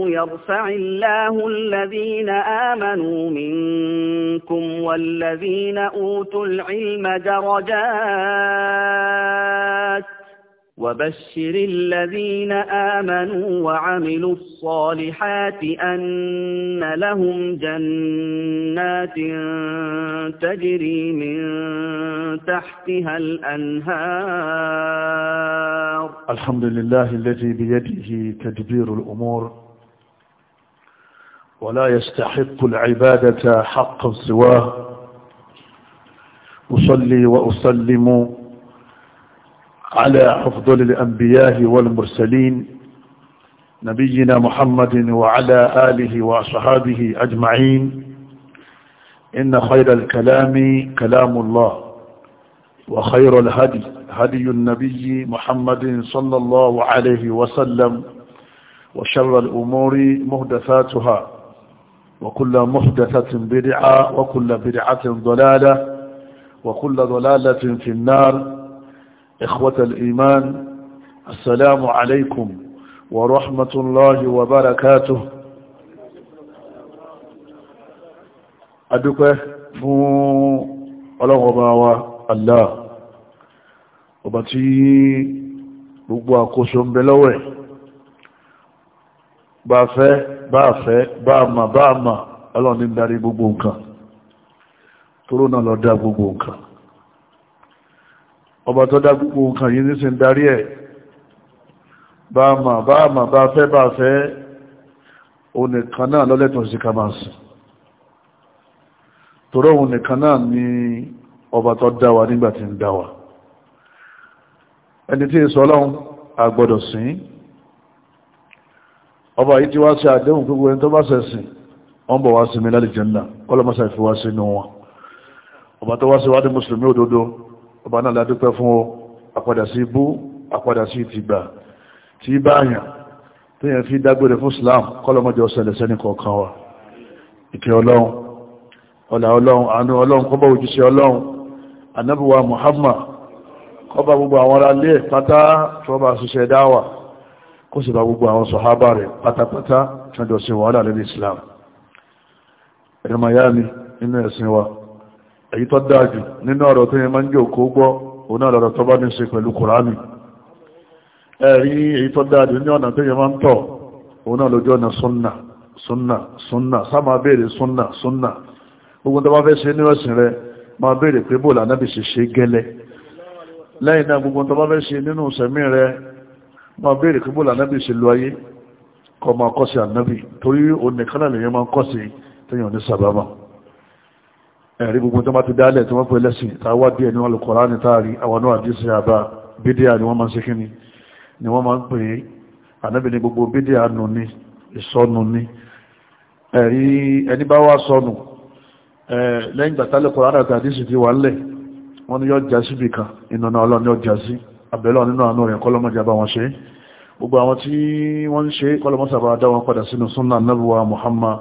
يرفع الله الذين آمنوا منكم والذين أوتوا العلم درجات وبشر الذين آمنوا وعملوا الصالحات أن لهم جنات تجري من تحتها الأنهار الحمد لله الذي بيده تدبير الأمور ولا يستحق العبادة حقا سواه أصلي وأسلم على أفضل الأنبياء والمرسلين نبينا محمد وعلى آله وأصحابه أجمعين إن خير الكلام كلام الله وخير الهدي هدي النبي محمد صلى الله عليه وسلم وشر الأمور مهدثاتها وكل محدثة بدعة وكل بدعة ضلالة وكل ضلالة في النار إخوة الإيمان السلام عليكم ورحمة الله وبركاته أدوك فو الله الله وبتي gbogbo àkóso ń bẹ bá fẹ́ bá mà bá mà ọlọ́run ní darí gbogbo nǹkan toró náà lọ dá gbogbo nǹkan ọba tó dá gbogbo nǹkan yìí nísìn darí ẹ̀ bá mà bá mà bá fẹ́ bá fẹ́ òun náà lọ́lẹ́tọ̀ sí ká máa sìn toró òun náà ni ọba tó dá wa nígbà tí ń dá wa ẹni tí ń sọ ọlọ́run a gbọ́dọ̀ ọba yìí ti wá sí àdéhùn gbogbo ẹni tó bá sẹ̀sìn wọ́n bọ̀ wá sí mi lálẹ́ jẹ́nà kọ́lọ́mọ́sà fi wá sínú wọn ọba tó wá sí wá ní mùsùlùmí òdodo ọba náà ládúpẹ́ fún ọ àpadà sí ibú àpadà sí ìtìgbà tí bá yàn tó yẹn fi dágbére fún Islam kọ́lọ́mọ́jọ ṣẹlẹ̀ sẹ́ni kọ̀ọ̀kan wa ìkẹ́ ọlọ́run ọlà ọlọ́run àánú ọlọ́run kọ́bọ̀ òjíṣẹ́ ọlọ́run anábùwà Muhammad kọ́bà gbogbo àwọn ará lé pátá tí wọ́n bá ṣiṣẹ́ dáwà kó sì bá gbogbo àwọn sọ̀hábà rẹ̀ pátápátá tọ́jọ́ sí wàhálà lórí islam ẹ̀rọ miami nínú ẹ̀sìn wa èyí tó dájú nínú ọ̀rọ̀ tó yẹ máa ń jẹ́ òkú gbọ́ òun náà lọ́rọ̀ tó bá ní ṣe pẹ̀lú kùránì ẹ̀rí èyí tó dájú ní ọ̀nà tó yẹ máa ń tọ̀ òun náà lójú ọ̀nà sunna sunna sunna sáma béèrè ma béèrè kí bóòlù ànábì ṣe lu ayé kọ́ máa kọ́ sí ànábì torí onìkan náà lèyàn máa kọ́ sí téèyàn ní sàbámà ẹ̀rí gbogbo tó bá ti dálẹ̀ tí wọ́n pè lẹ́sìn tá díẹ̀ ní wọn lè kọ́ra ní táàrí àwọn náà àdí sí àbá bídíà ni wọ́n máa ṣe kíni ni wọ́n máa ń pè é ànábì ní gbogbo bídíà nù ni ìsọnù ni ẹ̀rí ẹni bá wá sọnù lẹ́yìn gbàtálẹ̀ kọ́ra àdàtà àdí sì ti wà ń lẹ̀ wọ́n ní yọ àbẹ̀lọ́ nínú àánú rẹ̀ kọlọmọ́jà bá wọn ṣe gbogbo àwọn tí wọ́n ń ṣe kọlọmọ́sà bá dá wọn padà sínú súnnà nábúwa Muhammad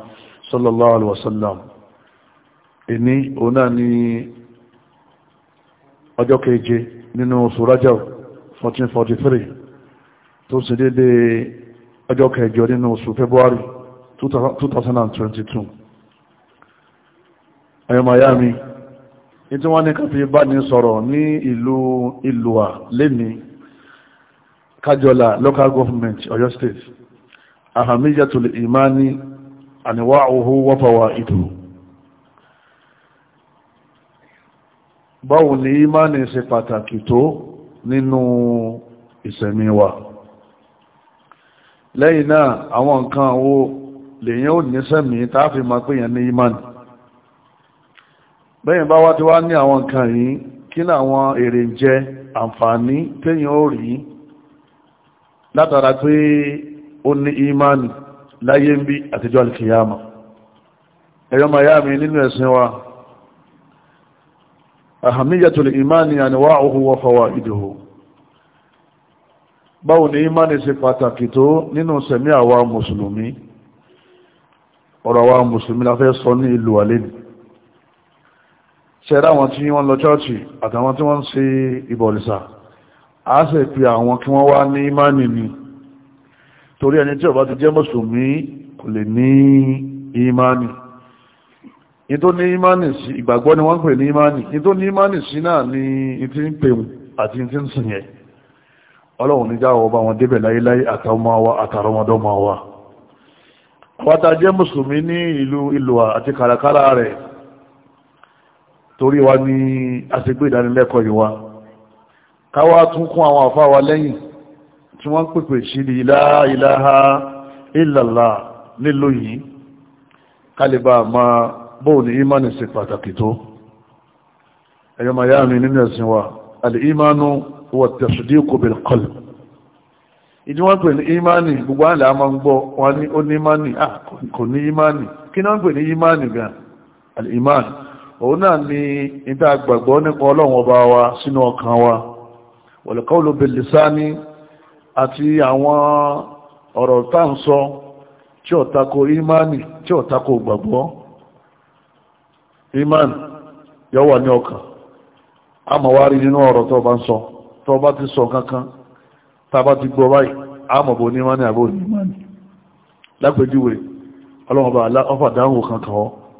sallallahu alaihi wasallam ìní òun náà ni ọjọ́ keje nínú oṣù Rajab 1443 tó sì 2022 ayọ́mọ̀ ayá ìtí wọ́n ní káfí bá ní sọ̀rọ̀ ní ìlú ìlúwà lẹ́ni kájọlá local government Ọ̀yọ́ state ahamiyatul imani anwa'uhu wa fawa'iduhu báwo ni imani ṣe pàtàkì tó nínú ìsẹ̀mí wa lẹ́yìn náà àwọn nǹkan wo lèyàn ò ní sẹ́mí tààfin ma pèyàn ní imani bẹ́yìn bá wá ti wá ní àwọn nǹkan yìí kí láwọn èrè jẹ àǹfààní tẹ́yìn ó rí látara pé ó ní imani láyé ń bí àtijọ́ alìkìyàmà ẹ̀yọ́ ma yá mi nínú ẹ̀sìn wa àhàmíyàtòlè imani àníwá òhun wọ́fọwà ìdòhò báwo ni imani ṣe pàtàkì tó nínú sẹ̀mí àwa mùsùlùmí ọ̀rọ̀ àwa mùsùlùmí la fẹ́ sọ ní ìlú àlẹ́nìí ṣẹ̀dá àwọn tí wọ́n lọ chọ́ọ̀chì àtàwọn tí wọ́n ń ṣe ìbọ̀lìsà a ṣe pé àwọn kí wọ́n wá ní ìmánì ni torí ẹni tí ó bá ti jẹ́ mùsùlùmí kò lè ní ìmánì ní tó ní ìmánì sí ìgbàgbọ́ ni wọ́n pè ní ìmánì ní tó ní ìmánì sí náà ni ti ń pè àti ti ń sìn yẹn ọlọ́run ní jáwọ́ bá wọn débẹ̀ láyéláyé àtàwọn àtàrọmọdọ́mọ wa wátá jẹ́ mùsùlùmí ní ìlú ìlúwà àti kàràkàrà rẹ̀ torí wa ní aṣègbè ìdánilẹ́kọ̀ọ́ yìí wa káwá tún kún àwọn àfá wa lẹ́yìn tí wọ́n pèpè sí ní la ilaha illallah nílò yìí kálíbà ma bóò ní ìmánì sí pàtàkì tó ẹ̀yọ́ ma yá mi nínú ẹ̀sìn wa al-imanu huwa at-tasdiqu bil-qalb ìdí wọ́n pè ní ìmánì gbogbo àlà máa ń gbọ́ wọn ní ó ní ìmánì ah, kò ní ìmánì kí náà pè ní ìmánì gan al-iman òun náà ni ìdá àgbàgbọ́ nípa ọlọ́run ọba wa sínú ọkàn wa wal-qawlu bil-lisani àti àwọn ọ̀rọ̀ tá ń sọ tí ó tako imani tí ó tako gbàgbọ́ imani yọ wà ní ọkàn a mọ̀ wá rí nínú ọ̀rọ̀ tó bá ń sọ tó bá ti sọ kankan tá bá ti gbọ́ báyìí a ní imani àbò ní imani lápèjúwe ọlọ́run ọba ọfà dáhùn kankan ọ́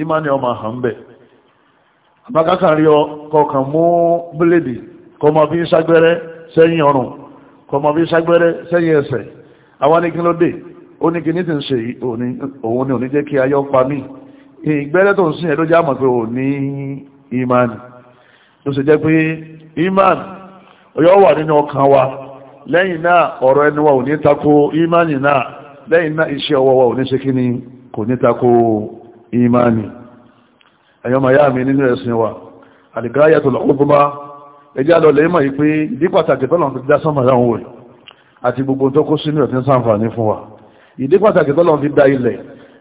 ìmánì ọmọ hàn bẹ̀ àbákákàrí ọkọ̀ọ̀kan mú bíléèdì kọmọ bí ságbẹ́rẹ́ sẹ́yìn ọrùn kọmọ bí ságbẹ́rẹ́ sẹ́yìn ẹsẹ̀ àwọn ní kí ló dé ó ní kí ní ti ń ṣe òun ni òní jẹ́ kí ayọ́ pa mí ìgbẹ́rẹ́ tó ń sìn ẹ̀ ló jẹ́ pé ò ní ló sì jẹ́ pé ọyọ́ wà nínú ọkàn wa lẹ́yìn náà ọ̀rọ̀ wa ò ní tako náà lẹ́yìn náà iṣẹ́ ọwọ́ Imani. ẹ̀yọ́ ma yá mi nínú ẹ̀sìn wa àdìgáyà tó lọ́kọ́ bá ẹjẹ́ àlọ́ lẹ́yìn mọ̀ yí pé ìdí pàtàkì tọ́lọ̀ fi dá sánmà láwọn òòrùn àti gbogbo tó kó sínú ẹ̀ fi ń sàǹfààní fún wa ìdí pàtàkì tọ́lọ̀ fi dá ilẹ̀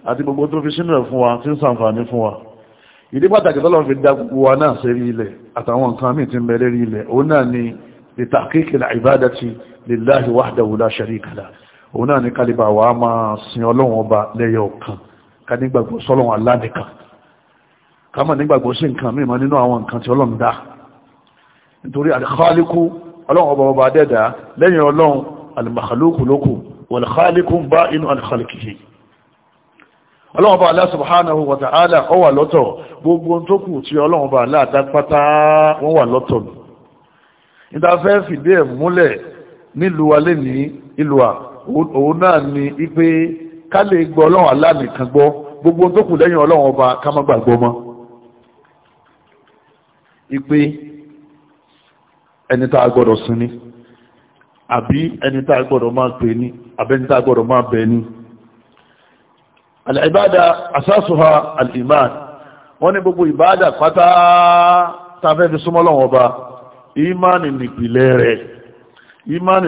àti gbogbo tó fi sínú ẹ̀ fún wa fi ń sàǹfààní fún wa ìdí pàtàkì tọ́lọ̀ fi dá gbogbo wa náà sí ilẹ̀ àtàwọn nǹkan míì ti ń bẹ lérí ilẹ̀ òun náà ni لتحقيق العبادة لله وحده لا شريك له òun náà ni kálíbà wà máa sin ọlọ́run ọba lẹ́yọ kan ká nígbàgbọ́ sọ́lọ́run Allah nìkan ká má nígbàgbọ́ sí nǹkan mímọ́ nínú àwọn nǹkan tí ọlọ́run dá nítorí al-Khaliqu ọlọ́run ọba ọba adẹ́dà lẹ́yìn ọlọ́run al-Makhluqu lókù wal-Khaliqu ba'inu an khaliqihi ọlọ́run ọba Allah subhanahu wa ta'ala ó wà lọ́tọ̀ gbogbo tó kù tí ọlọ́run ọba Allah dá pátá wọ́n wà lọ́tọ̀ nù ìdáfẹ́ fìdí ẹ̀ múlẹ̀ ká lè gbọ́ ọlọ́run alánìkan gbọ́ gbogbo tó kù lẹ́yìn ọlọ́run ọba ká má gbàgbọ́ ipe ẹni tá gbọ́dọ̀ sin ni àbí ẹni tá gbọ́dọ̀ máa pè ní àbẹ́ni tá gbọ́dọ̀ máa bẹ̀ ní al'iman wọ́n ní gbogbo ìbádà pátá tafẹ́ fi súnmọ́ lọ́wọ́ ọba ìmánì nìpìlẹ̀ rẹ̀ ìmánì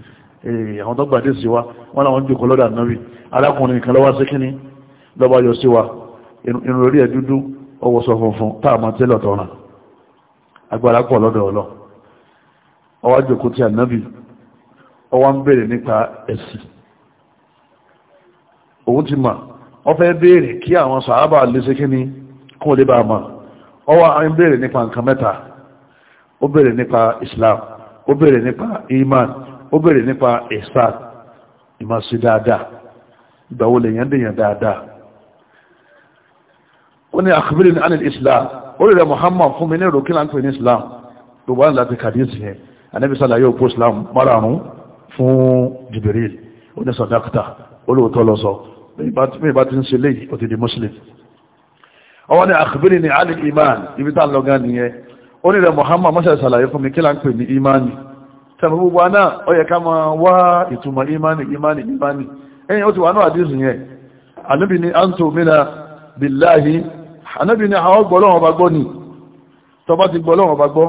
Eh, àwọn tó gbàdé sí wa wọ́n láwọn jùkọ́ lọ́dà náàbì alákùnrin kan lọ́wọ́ sí kíní lọ́bá yọ sí wa inú orí ẹ̀ dúdú ọwọ́ sọ funfun táàmà tẹ́lọ̀ tọ́ràn agbára pọ̀ lọ́dọ̀ ọlọ́ ọwá jùkọ́ ti ànábì ọwá ń bèèrè nípa ẹ̀sìn òun ti mà wọ́n fẹ́ bèèrè kí àwọn sàábà lè sí kíní kún lè bá mà ọwá ń bèèrè nípa nǹkan mẹ́ta ó bèèrè nípa Islam ó bèèrè nípa iman ó bèrè nípa ihsan ìmọ̀sí dáadáa ìgbà wo lèèyàn dèèyàn dáadáa ó ní akhbirni anil islam ó rẹ̀ muhammad fún mi ní èrò kí ní islam gbogbo àwọn láti kàdíyèsí yẹn anábì sálàyé òpó islam márààrún fún jibril ó ní sọ̀dákítà olóòótọ́ lọ sọ bí bá ti di muslim ọwọ́ ni akhbirni iman ibi tá a lọ gan nìyẹn ó ní rẹ̀ muhammad mọ́ṣẹ́ sálàyé fún mi kí láńpẹ̀ ní imani sẹ́fún gbogbo náà ó yẹ ká máa wá ìtumọ̀ imani imani imani ẹ̀yìn ó ti wà náà àdísù yẹn anábì ni a ń tó mìíra billahi anábì ni àwọn ni tọba ti gbọ́lọ́wọ́ bá gbọ́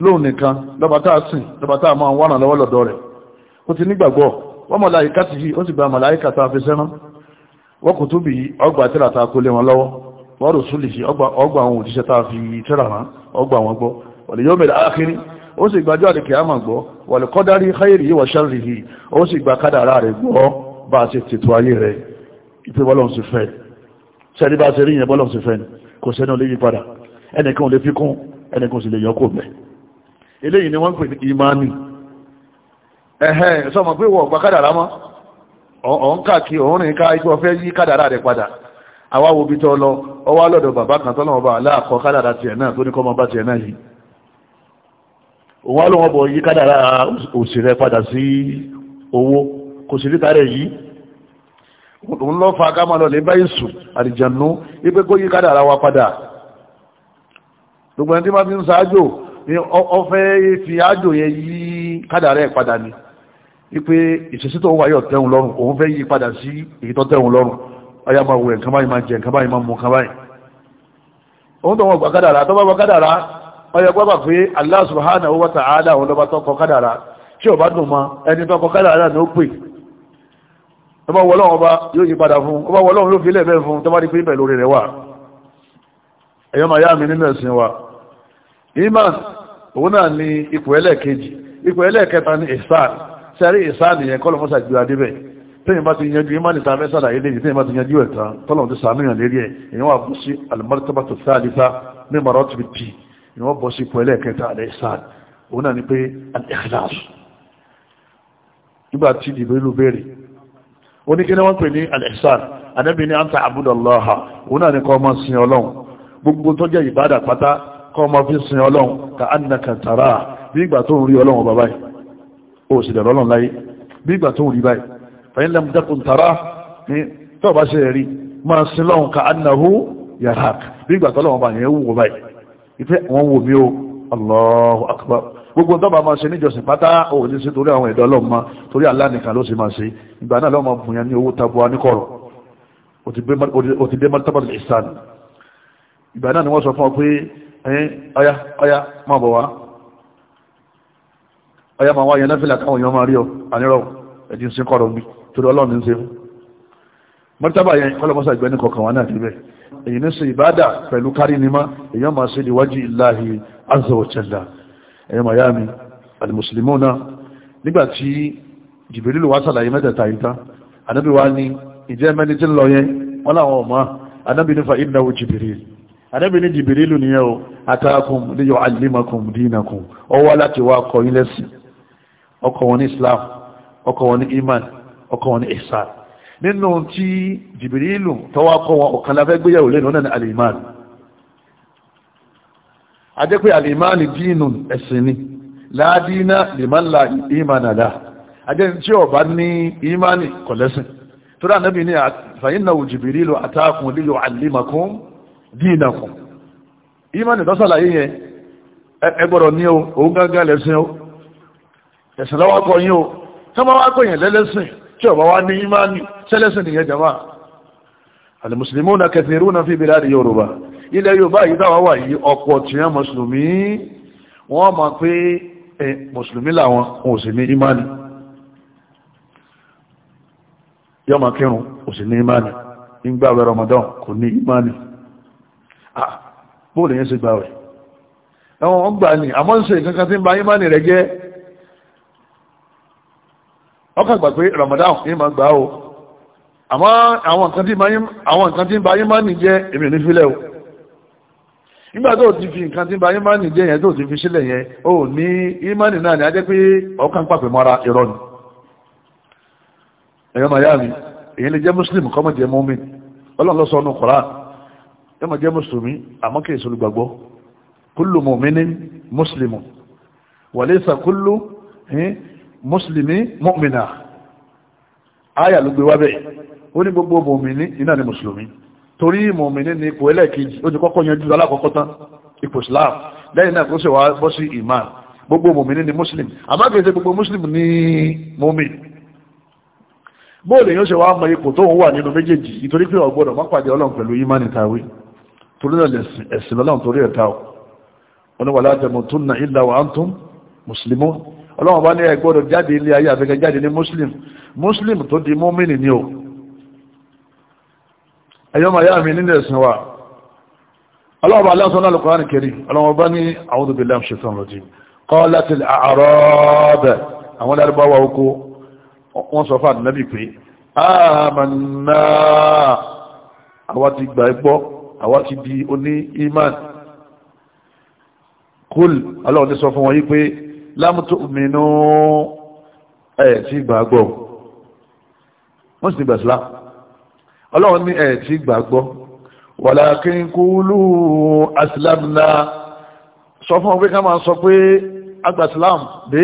lóun nìkan lọ́ba a a máa wà ti wọ́n gba a fi sẹ́rán a rò súlì sí ọgbà àwọn òjíṣẹ́ tá fi ọgbà ó sì gbàjọ́ àdìkì àmà gbọ́ wàlùkọ́dárí khairi wa sharrihi ó sì gbà kádàrá rẹ̀ gbọ́ bá a ṣe tètò ayé rẹ̀ ìpé bọ́lọ̀n sí fẹ́ sẹ́ni bá a ṣe ni kò sẹ́ni ò lè yí padà ẹnìkan ò lè fi kún ẹnìkan sì lè yọ kò bẹ́ eléyìí ni wọ́n ń pè ní imani ẹ̀hẹ́ sọmọ pé wọ́n gba lọ ọwọ́ alọ́dọ̀ bàbá kan tọ́lọ́mọba aláàkọ́ kádàrá tiẹ̀ náà tó ní kọ́ mọ́ bá tiẹ̀ náà yìí òun ló wọn bọ̀ yí kádàrá òsì padà sí owó kò sí níta rẹ̀ yìí òun lọ́ fa ká máa wa padà gbogbo ndị tí wọ́n fi ń ṣáájò ní ọfẹ́ fi ájò yẹn yí kádàrá ẹ̀ padà ni wípé ìṣesí wáyọ̀ tẹ́hun lọ́rùn òun fẹ́ yí padà sí èyí tó tẹ́hun lọ́rùn ọyá máa wẹ̀ nǹkan báyìí máa jẹ nǹkan báyìí máa nǹkan báyìí òun tó wọn gbà kádàrá tó bá gbà ọyọ gbọ́gbà pé Allah subhanahu wa ta'ala òun lọ́ba tọ́kọ kádàrá tí ò bá dùn mọ́ ẹni tọ́kọ kádàrá ní ó pè ọba wọlọ́run ọba yóò yí padà fún ọba wọlọ́run yóò fi ilẹ̀ bẹ́ẹ̀ fún tọ́ba di pé lórí rẹ̀ wà ẹ̀yọ́ màá yá mi nínú ẹ̀sìn wa ni ipò ẹlẹ́ẹ̀kejì ipò ni ihsan sẹ́rí ihsan yẹn kọ́ lọ́mọ́sà ju adébẹ̀ tẹ́yìn bá ti yanjú iman ìta fẹ́ sàlàyé lẹ́yìn tẹ́yìn bá ti yanjú ẹ̀tàn tọ́lọ́run ti sàánú yàn lérí ẹ̀ èèyàn wà bú sí al-martabatu thalitha ní mọ̀rọ̀ tó fi ni wọ́n bọ́ sí ipò ẹlẹ́ẹ̀kẹta alẹ́sàn òun náà ni pé al-ikhlas nígbà tí Jibrilu béèrè ó ní kí ni wọ́n pè ní al-ihsan anábì ní anta abudallaha òun náà ni kọ́ ọmọ sin ọlọ́run gbogbo tó jẹ́ ìbádà pátá kọ́ ọmọ fi sin ọlọ́run ka annaka tara bí ìgbà tó ń rí ọlọ́run bàbá yìí ó báyìí ìfẹ́ wọn wò mí o Allahu Akbar gbogbo tó bá máa ṣe níjọsìn pátá ò ní sí torí àwọn ẹ̀dọ́ ọlọ́mọ torí Allah nìkan ló sì máa ṣe ìgbà náà lọ́mọ bùnyàn ní owó tabuwa ní kọ̀rọ̀ ó dé mọ́tàbọ̀lì ìsàn ìgbà náà ni wọ́n sọ fún ọ pé èyí ní sí ìbádà pẹ̀lú kárí ní má èyàn máa sí ìwájú ìláhì azza wa jalla ẹ̀yàn miami al-muslimuna nígbàtí jìbìrìlù wá sàlàyé mẹ́tẹ̀ẹ̀ta ìta anábì wá ní ìjẹ́ mẹ́ni tí ń lọ yẹn wọ́n láwọn ọ̀má anábì nífa ìnáwó jìbìrìlù anábì ní jìbìrìlù nìyẹn o atakum li nínú tí jìbìrìlù tọwọ́ akọ wọn ọ̀kan láfẹ́ gbéyàwó lẹ́nu náà ni alìmáàlì ajẹ́ pé alìmáàlì dínú ẹ̀sìn ni láàdínà lèmọ́lá ìmánàdá ajẹ́ tí ó bá ní ìmánì kọ̀lẹ́sìn tó dá nábi ní fàyínàwó jìbìrìlù àtàkùn lílo alìmakún dínàkùn o tí ọba wá ní ìmáni sẹ́lẹ̀sìn nìyẹn jama alìmùsùlùmí na kẹfìrú na fi bílá di yorùbá ilẹ̀ yorùbá yìí dáwà wà yìí ọ̀pọ̀ tí wọ́n mùsùlùmí wọ́n ma pé ẹ eh, mùsùlùmí làwọn ò sì ní ìmáni yọ́ ma ìgbàwẹ̀ ramadan kò ní ìmáni ah, bóòlù yẹn sì gbàwẹ̀ ẹwọ́n gbà ní àmọ́ ń ṣe kankan tí ń ba ìmáni rẹ̀ jẹ́ ọkà gbà pé Ramadan ní ma gbà o àmọ́ àwọn nǹkan tí ń ba yín máa nì jẹ́ èmi ò ní filẹ̀ o nígbà tó ti fi nǹkan tí ń ba yín máa nì jẹ́ yẹn tó ti fi sílẹ̀ yẹn o ní ìmánì náà ni a jẹ́ pé ọkàn pàpẹ mọ́ra irọ́ ni ẹ̀yọ́ màá yá mi èyí lè jẹ́ muslim kọ́mọ̀ jẹ́ mọ́mìn ọlọ́run ló sọ ọ́nù Qur'an ẹ máa jẹ́ mùsùlùmí àmọ́ kìí sọ olùgbàgbọ́ kullu mu'minin muslimun wa laysa kullu eh, mùsùlùmí mọ́mìnà ayà ló gbé wá bẹ́ẹ̀ ó ní gbogbo mọ̀mìnì iná ni mùsùlùmí torí mọ̀mìnì ni ipò ẹlẹ́ẹ̀kejì ó ti kọ́kọ́ yanjú alákọ̀ọ́kọ́ tán ipò islam lẹ́yìn náà kó sì wá bọ́ sí iman gbogbo mọ̀mìnì ni muslim àmákèsè gbogbo muslim ni mọ̀mìn bóòlù yóò ṣe wá mọ ipò tó ń wà nínú méjèèjì nítorí pé ọgbọ́dọ̀ má pàdé ọlọ́run pẹ̀lú imani tàwí torí náà ẹ̀sìn lọ́lọ́run torí ẹ̀ta ò wọn ni wà látẹ̀mọ̀ tó nà ìlà wa antum ọlọ́wọ́n bá ní ẹ gbọ́dọ̀ jáde ilé ayé àfẹ́kẹ́ jáde ní muslim muslim tó di mọ́mìnì ni o ẹ̀yọ́ ma yá mi nílẹ̀ ẹ̀sìn wa ọlọ́wọ́n bá aláṣọ náà lọ́kọ̀ọ́ nìkẹ́rì ọlọ́wọ́n bá ní a'udhu billahi minash shaitanir rajim qalat al-a'rab àwọn lárúbáwá oko wọ́n sọ fún iman kúl ọlọ́wọ́n ti sọ fún wọn yí pé lámùtò mìínú ẹ̀ tí gbàgbọ́ wọ́n sì gbà sílá ọlọ́run ní ẹ̀ tí gbàgbọ́ walakin qulu aslamna sọ fún ọ pé ká máa sọ pé àgbà islam dé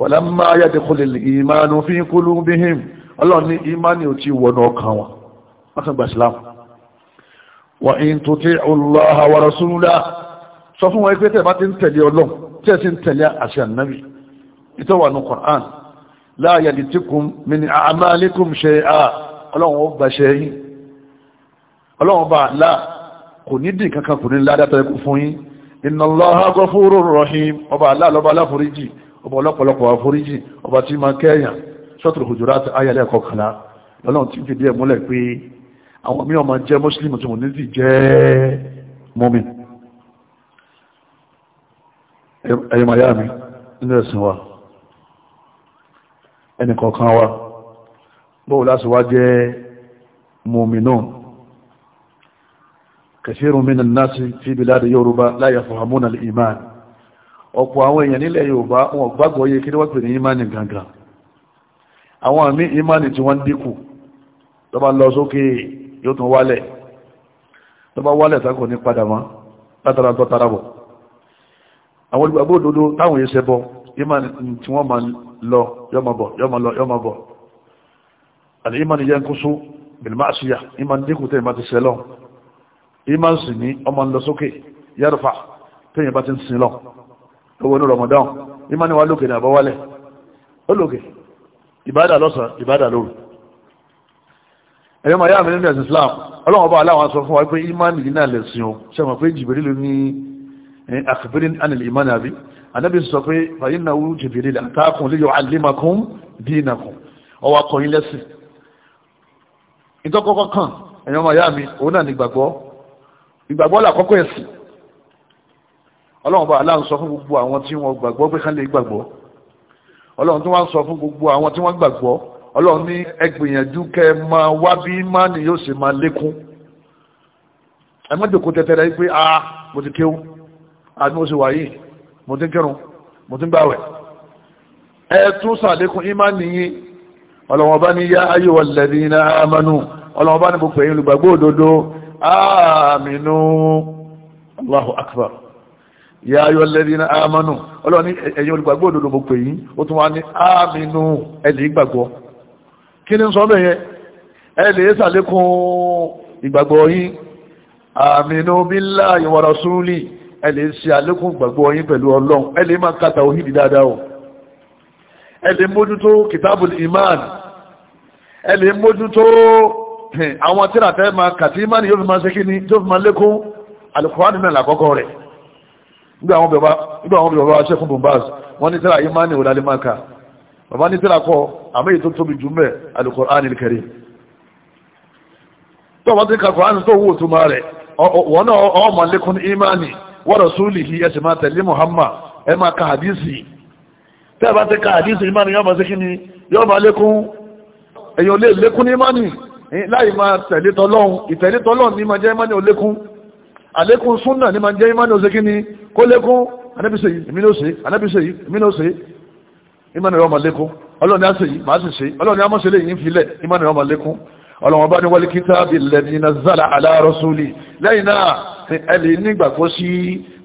walamma yadkhulil imanu fi qulubihim ọlọ́run ní ìmánì ò ti wọnú ọkàn wọn wọ́n sì gbà sílá wa in tuti'u sọ fún wọn pé tẹ́ bá ti ń tẹ̀lé ọlọ́run tẹ́ sì ń tẹ̀lé àṣẹ ànábì ìtọ́wà ní Qur'an la yalitikum min a'malikum shay'a ọlọ́run ó gbà ṣe yín ọlọ́run bá là kò ní dín kankan kò ní ládàtọ̀ ẹkù fún yín inna Allaha ghafurur rahim ọba àlá lọ́ba aláforíjì ọba ọlọ́pọ̀lọpọ̀ àforíjì ọba tí máa kẹ́yàn Suratul Hujurat ayẹlẹ́ kọkànlá lọ́lọ́run ti fi díẹ̀ múlẹ̀ pé àwọn mí ẹ̀yọ́ màá yá mi nínú ẹ̀sìn wa ẹnì kọ̀ọ̀kan wa bóòlù láti wá jẹ́ mùmínú kẹfìrún mi nà náà sí fi biladi Yorùbá la yafhamuna al-iman ọ̀pọ̀ àwọn èèyàn nílẹ̀ Yorùbá wọn gbàgbọ́ yé kí wọ́n pè wálẹ̀ tó ní padà látara tó tarabọ̀ àwọn olùgbàgbọ́ òdodo táwọn yẹsẹ bọ tí wọ́n máa lọ yọmọbọ yọmọlọ yọmọbọ àti ìmọ̀ ni yankusu bìlìmọ̀ àṣìyà ìmọ̀ ní dínkù tẹ̀yìn bá ti sẹ́ lọ ìmọ̀ sì ní ọmọ ń lọ sókè yẹrùfà tẹ̀yìn bá ti ń sin lọ owó ní Ramadan ìmọ̀ ni wà lókè ní àbọ̀wálẹ̀ ó lókè ìbádà lọ́sàn ìbádà lóru ẹ̀yọ́ yá mi nínú ẹ̀sìn Islam ọlọ́run ọba aláwọn sọ fún wa pé ìmọ̀ nìyí náà lẹ̀sìn o ṣe mọ̀ pé Jibril ní Eh, akhbirin anil iman abi anábì sọ pé fàyínà wú jìbìrì látàkùn lè yọ alimakun dínakun ọwọ́ akọyin lẹ́sìn ìtọ́kọ́kọ́ kan ẹ̀yàn ọmọ ìyá mi òun náà ní ìgbàgbọ́ ìgbàgbọ́ làkọ́kọ́ ẹ̀sìn ọlọ́run bá aláà ń sọ fún gbogbo àwọn tí wọ́n gbàgbọ́ pé kán lè gbàgbọ́ ọlọ́run tó wá sọ fún gbogbo àwọn tí wọ́n gbàgbọ́ ọlọ́run ní ẹ gbìyànjú máa wá bí mánì yóò sì máa lékún ẹ má jòkó tẹ́tẹ́rẹ́ pé a ah, mo ti kéwú àti mo sì wà yìí mo ti ń kírun mo ti ń gbàwẹ̀ ẹ tún sàlékún ìmánì yín ọlọ́wọ́n bá ní yá ayyuhal ladhina amanu ọlọ́wọ́n bá ní mo pè é olùgbàgbọ́ òdodo aminu Allahu akbar yá ayyuhal ladhina amanu ọlọ́wọ́n ní ẹ̀yin olùgbàgbọ́ òdodo pè yín ó tún wá ní aminu ẹ̀lẹ́ ìgbàgbọ́ kí ni sọ bẹ́ẹ̀ ẹ̀lẹ́ sàlékún ìgbàgbọ́ yín aminu billahi wa rasuli ẹ lè ṣe àlékún gbàgbọ́ yín pẹ̀lú ọlọ́run ẹ lè máa kàtà òhìdì dáadáa o ẹ lè mójútó kìtàbù iman ẹ mójútó àwọn tíra tẹ́ máa kàtí iman yóò fi máa ṣe kí ni yóò fi máa lékún alukọ́wánì náà làkọ́kọ́ rẹ̀ nígbà àwọn bàbá aṣẹ́kùn bombaz wọ́n ní tíra iman ní òdàlẹ́ máa kà bàbá ní tíra kọ́ àmì èyí tó tóbi jù mẹ́ alukọ́wánì kẹrì tó wọ́n ti kà wa rasulihi ẹ sì máa tẹ̀lé Muhammad ẹ máa ka hadisi tẹ́ ẹ bá ti ka hadisi ìmáni yóò máa ṣe kí ni yóò máa lékún èèyàn lè lékún ní ìmáni láì máa tẹ̀lé tọlọ́hun ìtẹ̀lé tọlọ́hun ní máa jẹ́ ìmáni ò lékún àlékún súnà ní máa jẹ́ ìmáni ò ṣe kí ni kó lékún anábìsẹ̀ yìí èmi ló ṣe anábìsẹ̀ yìí èmi ló ṣe ìmáni yóò máa lẹ́yìn náà ẹ lè nígbàgbọ́ sí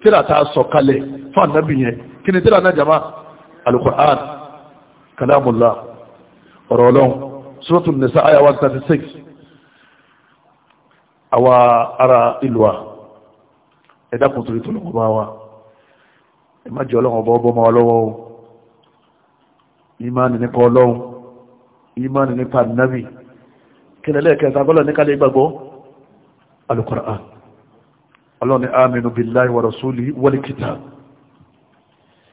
tíra ta sọ kalẹ̀ fún ànábì yẹn kí ni tíra náà jama alukur'an kalamullah thirty six àwa ara ìlú wa ẹ dákun tó lọ́wọ́ wa ẹ má jẹ́ ọlọ́run ọba ọbọ̀ ọmọ wa lọ́wọ́ o ìmáàni nípa ọlọ́run ìmáàni nípa nábì kí ni ẹlẹ́ẹ̀kẹta bọ́lọ̀ ní kálẹ̀ ìgbàgbọ́ alukur'an ọlọ́ni aminu billahi wa rasuli wal kitab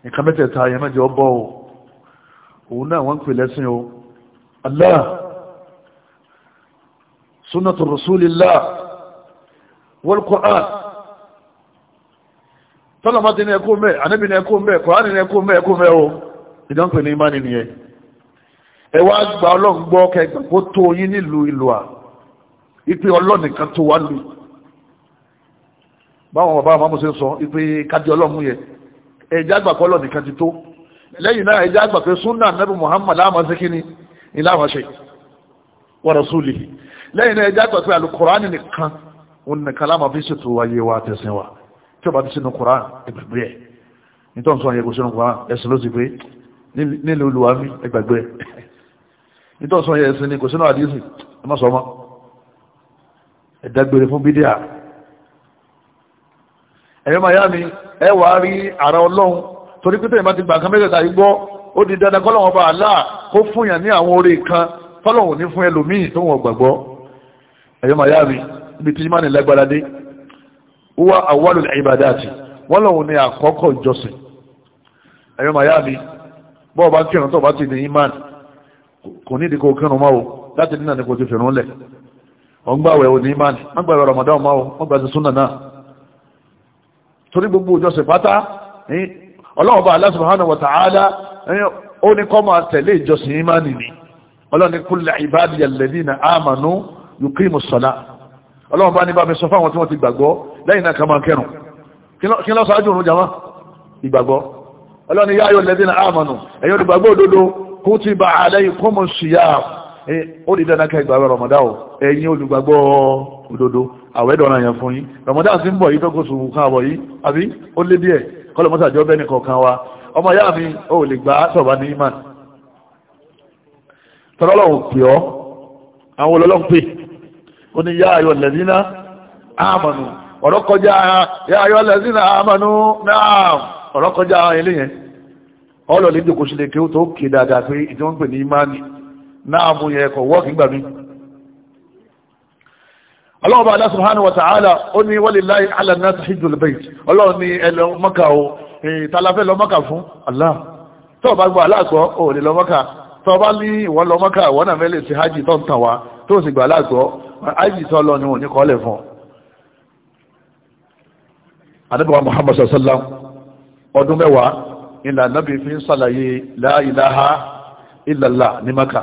nǹkan mẹ́tẹ̀ẹ̀ta ayẹ mẹ́jẹ ọbọ̀ o òun náà wọ́n ń pè lẹ́sìn o Allah sunnatu rasulillah wal qur'an tọ́lọ̀mọ́ ti ní ẹkú mẹ́ ànábì ní ẹkú mẹ́ kọ̀ránì ní ẹkú mẹ́ ẹkú mẹ́ ipe ọlọ́nìkan tó wá lù báwọn bàbá àmọ́ ṣe ń sọ ipe kájí ọlọ́mú yẹ ẹ̀jẹ̀ àgbàkọ́ ọlọ́nìkan ti tó lẹ́yìn náà ẹ̀jẹ̀ àgbà pé súnà nẹ́bù Muhammad láàmà sí kíni wa rasulihi lẹ́yìn náà ẹ̀jẹ̀ àgbà alukurani nìkan òun nìkan láàmà fi ṣètò ayé wa tẹ̀sìn wa tí o bá ti sínú kuran nílùú olùwàmí ìgbàgbé ẹ̀ ẹ̀sìn ni kò sínú àdísì ẹ̀ ẹ̀dágbére fún bídíà ẹ̀yọ́ miami ẹ wà á rí ara ọlọ́run torí pé tẹ̀yìnbá ti gbà nǹkan mẹ́tẹ̀ẹ̀ta yìí gbọ́ ó di dandan kọ́lọ́wọ́n bá aláà kó fún yàn ní àwọn oore kan tọ́lọ̀wọ̀n ní fún ẹlòmíì tó wọ́n gbàgbọ́ ẹ̀yọ́ miami ibi tí imáni lágbára dé wọ́n awwalul ibadati wọ́n lọ́wọ́n ní àkọ́kọ́ ìjọsìn ẹ̀yọ́ miami bọ́ọ̀ bá kírun tó bá ti ní imáni kò ní ìdíkò kírun máa wò láti dínà ní kò ti fìrún lẹ̀ ọgbàwẹ̀ òní imani mọ́gbàwẹ̀ Ramadan ma o mọ́gbà ti súnà náà torí gbogbo òjọsẹ̀ pátá ní ọlọ́ọ̀bá Allah subhanahu wa ta'ala ó ní kọ́ máa tẹ̀lé ìjọsìn imani ni ọlọ́ni kullu ibadiya alladhina amanu yuqimu s-salah ọlọ́ọ̀bá ní bá mi sọ fáwọn tí wọ́n ti gbàgbọ́ lẹ́yìn náà kàmá kẹrùn kí lọ́ Eh, ó di dandan ká ìgbàwẹ̀ rọmọdá o ẹ̀yin olùgbàgbọ́ òdodo àwẹ́dọ̀ràn yẹn fún yín rọmọdá sí ń bọ̀ yí tọ́kọ̀sù káàbọ̀ yí àbí ó lé díẹ̀ kọlọmọ́sàjọ́ bẹ́ẹ̀ nìkan kan wa ọmọ yá mi ó lè gba sọ̀bà ní imán tọ́lọ́lọ́hùn pè ọ́ àwọn olólọ́hùn kọjá kọjá náà mú yẹ kọ̀ wọ́ọ̀kì gbà mí ọlọ́ọ̀bá Allah subhanahu wa ta'ala ó ní walillahi ala an-nas hijjul bayt ọlọ́ọ̀ ní ẹlọ mọ́kà o ìtàláfẹ́ lọ mọ́kà fún Allah tó bá gbọ́ aláàgbọ́ ò lè lọ mọ́kà tó bá ní ìwọ́n lọ mọ́kà wọ́n náà mẹ́lẹ̀ sí hajj tó ń tàn wá tó sì gbà aláàgbọ́ Muhammad sallam ọdún mẹ́wàá ìlànà bí fi ń sàlàyé la ilaha ní mọ́kà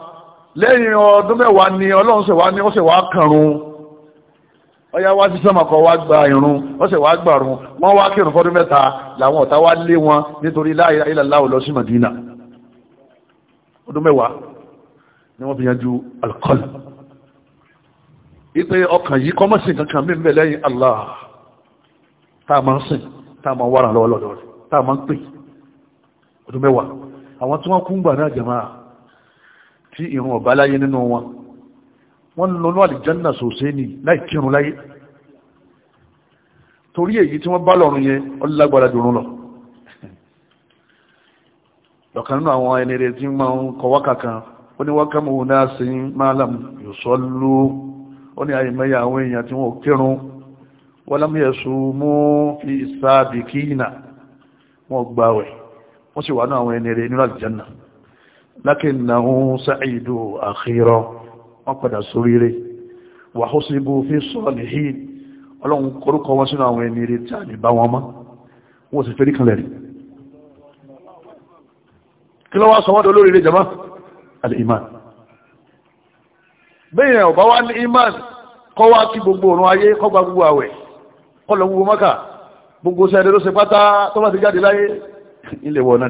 lẹ́yìn ọdún mẹ́wàá ni ọlọ́run ṣẹ̀wá ní ọ̀ṣẹ̀wá kàrún ọya wá sí sọ́mọ̀kọ́ wá gba irun ọ̀ṣẹ̀wá gbàrún wọ́n wá kírun fọ́dún mẹ́ta làwọn ọ̀tá wá lé wọn nítorí la ilaha illallah lọ sí Madina ọdún mẹ́wàá ni wọ́n fi yanjú alkọ́lù ipe ọkàn yìí kọ́ mọ́sìn kankan mí mbẹ̀ lẹ́yìn Allah tá a máa ń sìn tá a máa ń wára lọ́wọ́lọ́wọ́ tá a máa ń pè ọdún mẹ́wàá àwọn tí wọ́n kú ń gbà náà jàmáà tí ìrun ọ̀bá láyé nínú wọn wọ́n ń lọ́nà àlìjánà sòsẹ́ ni láì kírun láyé torí èyí tí wọ́n bá lọ́run yẹn ọlágbára dùnrún lọ lọ́kàn nínú àwọn ẹni rẹ̀ tí máa ń kọ wákà kan ó ní wákà mọ̀ náà sí máàlàm yusallu ó ní àìmẹ́yà àwọn èèyàn tí wọ́n kírun wọ́n lámú mú fi sáàbì lakinnahu sa'idu akhira wọ́n padà sórí rẹ̀ wa husibu fi salihin ọlọ́run korúkọ wọn sínú àwọn ẹni rẹ̀ tí a lè bá wọn mọ́ wọ́n sì fẹ́rí kanlẹ̀ rí kí ló wá sọ wọ́n dolórí rẹ̀ jama al bẹ́yẹn ọ̀bá wá ní iman kọ́ wá kí gbogbo òrùn ayé kọ́ gba gbogbo àwẹ̀ kọ́ lọ gbogbo mọ́kà gbogbo sẹ́ẹ̀dẹ́ ló ṣe pátá tó ti jáde láyé ilẹ̀ wọ̀ náà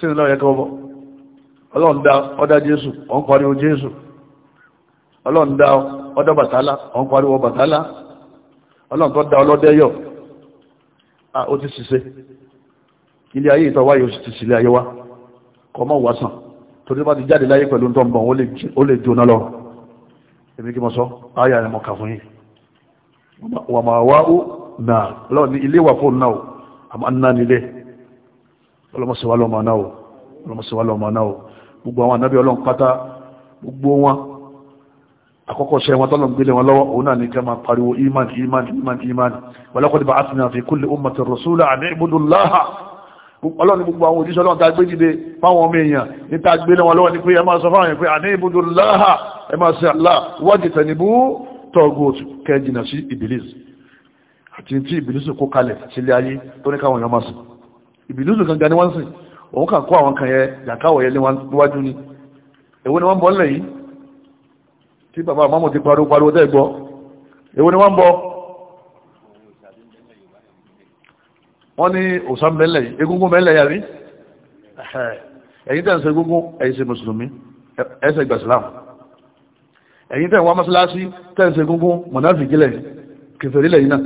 sí ìlànà ẹ̀kọ́ ọmọ ọlọ́run dá ọdá jésù ọ̀n pariwo jésù ọlọ́run dá ọdá bàtálá ọ̀n pariwo bàtálá ọlọ́run tó dá ọlọ́dẹ yọ ó ti ṣiṣẹ́ ilé ayé ìtọ́wá yóò ti ṣìlẹ̀ ayé wa kọ́ mọ́ wàásàn torí bá ti jáde láyé pẹ̀lú tó ń bọ̀ ó lè jóná lọ èmi kí mo sọ ayà rẹ̀ mọ̀ kà fún yìí wà máa wá ó náà lọ́ọ̀ ní ilé wà fóònù náà àmọ́ náà nílé ọlọ́mọsíwá lọ́mọ náà o ọlọ́mọsíwá lọ́mọ náà o gbogbo àwọn ànábì ọlọ́run pátá gbogbo wọn àkọ́kọ́ ṣe wọn tọ́lọ̀ gbélé wọn lọ́wọ́ òun náà ní kẹ́ máa pariwo iman iman iman iman walaqad ba'athna fi kulli ummatin rasula àmì ibudullaha ọlọ́run gbogbo àwọn òjíṣẹ́ ọlọ́run tá gbé dìde fáwọn ọmọ èèyàn ní tá gbélé wọn lọ́wọ́ ní pé ẹ máa sọ fáwọn pé àní ibudullaha ẹ máa ṣe Allah wajtanibu tagut kẹ́ sí ìbìlísì àti tí ìbìlísì kó kalẹ̀ sílé ayé tó ní káwọn èèyàn máa ìbìlúsù gangan ni wọ́n sìn òun kà kó àwọn kan yẹ yàkáwọ̀ yẹ níwájú ni èwo ni wọ́n bọ́ nílẹ̀ tí bàbá àmọ́mọ́ ti pariwo pariwo tẹ́ gbọ́ èwo ni wọ́n bọ́ wọ́n ní òsán mẹ́lẹ̀ yìí egúngún mẹ́lẹ̀ yà rí ẹ̀yin tẹ́ ń ṣe egúngún ẹ̀yin ṣe mùsùlùmí ẹ̀ṣẹ̀ gbàsílám ẹ̀yin tẹ́ ń wá mọ́sálásí tẹ́ ń ṣe egúngún mọ̀náfìgílẹ̀ kẹfẹ̀rílẹ̀ yìí náà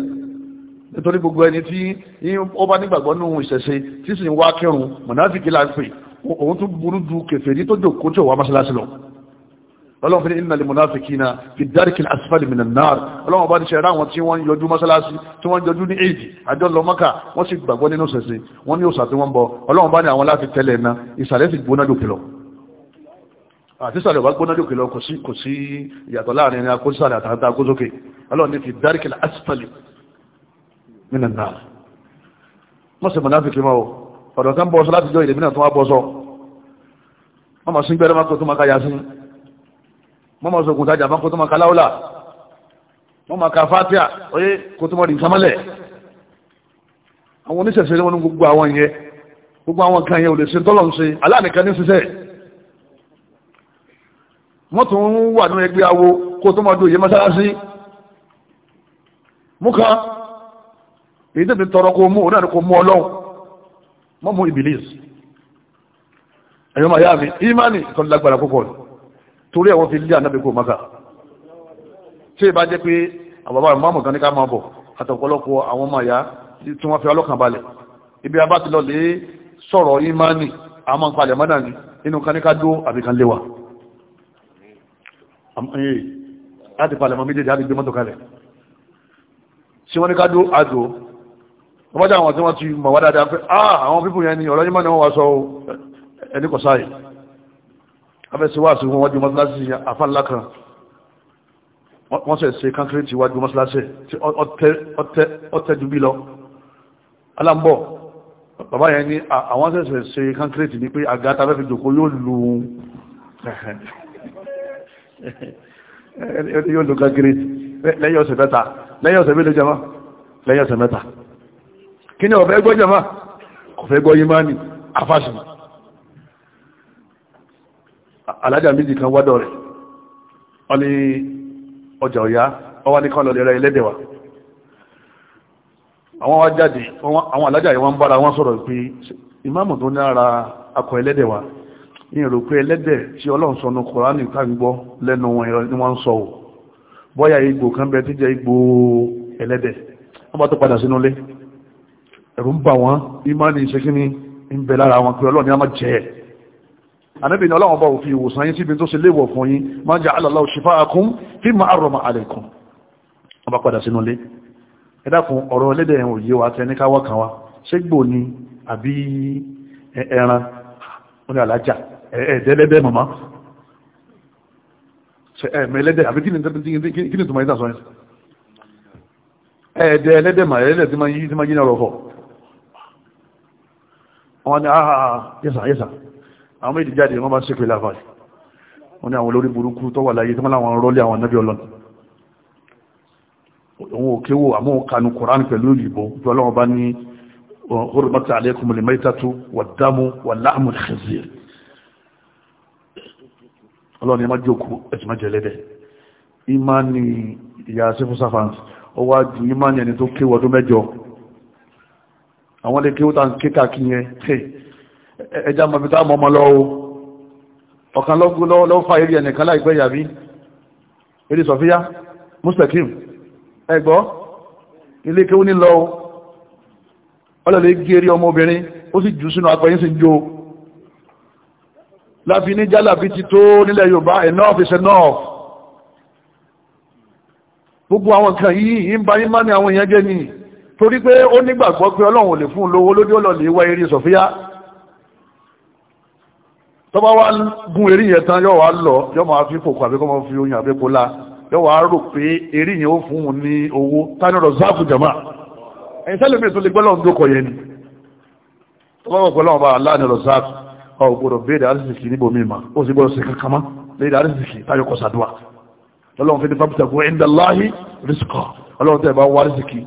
nítorí gbogbo ẹni tí ó bá nígbàgbọ́ nínú ìṣẹ̀ṣe tí sì ń wá kírun mọ̀náfíkì là ń pè òun tún burú ju kèfèrí tó jòkó tí ò wá mọ́ṣáláṣí lọ ọlọ́run fún ìnàlè mọ̀náfíkì náà fi dárìkì asfali minan nar ọlọ́run bá ní ṣe ráwọn tí wọ́n yọjú mọ́ṣáláṣí tí wọ́n yọjú ní èdè àjọ lọ mọ́kà wọ́n sì gbàgbọ́ nínú ìṣẹ̀ṣe wọ́n ní òṣà tí wọ́n bọ ọlọ́run bá ní àwọn láti tẹ́lẹ̀ náà ìsàlẹ̀ sì gbóná jòkè lọ àtisàlẹ̀ wá gbóná jòkè lọ kò sí ìyàtọ̀ láàrin akóṣàlẹ̀ àtàkóṣókè ọlọ́run ní fi dárìkì asfali nínú náà wọ́n sì mọ̀náfíkì mọ́ o ọ̀dọ̀ kan bọ́ sọ láti jọ ìdèmínà tó wá bọ́ sọ wọ́n mọ̀ sí gbẹ́rẹ́ mákò tó máa káyà sí wọ́n mọ̀ sọ̀gùn tajà mákò tó máa kaláwùlà wọ́n máa ka fátíà oyé kò tó mọ̀ rí nkámọ́lẹ̀ àwọn oníṣẹ̀ṣẹ̀ wọn gbogbo àwọn yẹn gbogbo àwọn kan yẹn ò lè ṣe tọ́lọ̀ ń ṣe aláàníkan ní ṣiṣẹ́ wọ́n tún wà nínú ẹgbẹ́ awo kó tó mọ̀ dùn yé mọ́sálásí mú kan èyí tètè tọrọ kó mú onáà kó mú ọlọ́run mọ́ mú ibilis ẹ̀yọ́mọ̀ ayá mi imani tó lágbára púpọ̀ torí ẹ̀wọ́n fi lé ànábì kó maka tí ìbá jẹ́ pé àbàbà ìmọ̀mù kan ní ká máa bọ̀ àtọ̀pọ̀lọpọ̀ àwọn ọmọ àyá tí wọ́n fi ọlọ́kàn balẹ̀ ibi abá ti lọ lè sọ̀rọ̀ imani àmọ́ ń palẹ̀ mọ́nà ní inú kan ní ká dó àbí kan léwà eh, láti palẹ̀ mọ́ méjèèjì á ọbájá àwọn tí wọ́n ti mọ̀ wá dáadáa pé ah, àwọn pípù yẹn ni ọ̀rọ̀yìn ni wọ́n wá sọ ẹni kò sáyé afẹ́síwáàsí wọn wájú mọ́síláṣí àfáàlá kan wọ́n sẹ̀ ṣe kánkírẹ́tì wájú mọ́síláṣí tí ọ̀tẹ́ ju bí lọ alámbọ̀ bàbá yẹn ni àwọn sẹ̀sẹ̀ ṣe kánkírẹ́tì ní pé àga fẹ́ fi jòkó yóò lu yóò lẹ́yìn ọ̀sẹ̀ mẹ́ta kí ni ọ̀fẹ́ gbọ́ jẹ́mà ọ̀fẹ́ gbọ́ yí máa ní afásùn alájà méjì kan wádọ̀ rẹ̀ wọ́n ní ọjà ọ̀yá wọ́n wá ní kan lọ́lẹ̀ rẹ̀ ẹlẹ́dẹ̀wà àwọn wá jáde àwọn alájà yìí wọ́n ń bára wọ́n sọ̀rọ̀ pé ìmáàmù tó ní akọ ẹlẹ́dẹ̀wà ní èrò pé ẹlẹ́dẹ̀ tí ọlọ́run sọ ni wọ́n ń sọ ò bọ́yà igbó kan bẹ tí jẹ́ ẹ̀rù ń bà wọ́n ìmánì ìṣẹ́kíní ń bẹ lára wọn pé ọlọ́ni a máa jẹ́ ẹ̀ anábì ní ọlọ́wọ́n bá òfin ìwòsàn yín síbi tó ṣe léwọ̀ fún yín máa jẹ́ alàlá òṣìfà akún fi máa rọmọ àlẹ́kùn ọba padà sínú ilé ẹ̀dàkùn ọ̀rọ̀ ẹlẹ́dẹ̀ ẹ̀hùn òye wa tẹ́ níkáwá kan wa ṣé gbò ni ni tó máa wọ́n ni àhà yẹ́sà yẹ́sà àwọn méjì jáde wọ́n bá ṣépè láfàá wọ́n ni àwọn olórí burúkú tó wà láyé tó wọ́n láwọn rọ́lé àwọn nábì ọlọ́nà òun òkéwò àmọ́ kanu koran pẹ̀lú ìbò tó ọlọ́wọ́ bá ní hurmata alaykum almaytatu waddamu walahmul khinzir ọlọ́ni ẹmá jókòó ẹ̀tì má jẹ́lẹ́dẹ̀ ìmá ni ìyá sífúsáfà ó wá ju ìmá ni ẹni tó kéwọ́ ọdún mẹ́jọ àwọn lè kí ó tàn kíkà kí yẹn ẹjá mọ̀ bíta mọ́ mọ́ lọ́wọ́ ọ̀kan lọ́wọ́ fa eré ẹnìkan láìpẹ́ yàbí eré sọ̀fíyá mustakim ẹgbọ́ ilé kí ó ní lọ́wọ́ ọlọ́lẹ̀ gé eré ọmọbìnrin ó sì jù sínú apẹ́yìn sí jo láfi ní jálàbí ti tó nílẹ̀ Yorùbá enough is enough gbogbo àwọn kan yìí ń bá yín má ní àwọn èèyàn jẹ́ nìyí torí pé ó nígbàgbọ́ pé ọlọ́run ò lè fún un lówó lójú ọlọ́lẹ̀ wá eré sọ̀fíà tọ́ba wá gún eré yẹn tán yóò wá lọ yóò máa fi kòkò àbíkọ́ máa fi oyin àbíkọ́ la yóò wá rò pé eré yẹn ó fún un ní owó tani ọ̀rọ̀ záàkù jama ẹ̀yin sẹ́lẹ̀ mi tó lè gbọ́ lọ́run tó yẹn ni tọ́ba wọ̀ pẹ̀lú ọba aláàni ọ̀rọ̀ záàkù ọ̀ gbọ́dọ̀ béèrè àrísìkì níbo mi mà ó sì ọlọ́run fi bá wá àrísìkì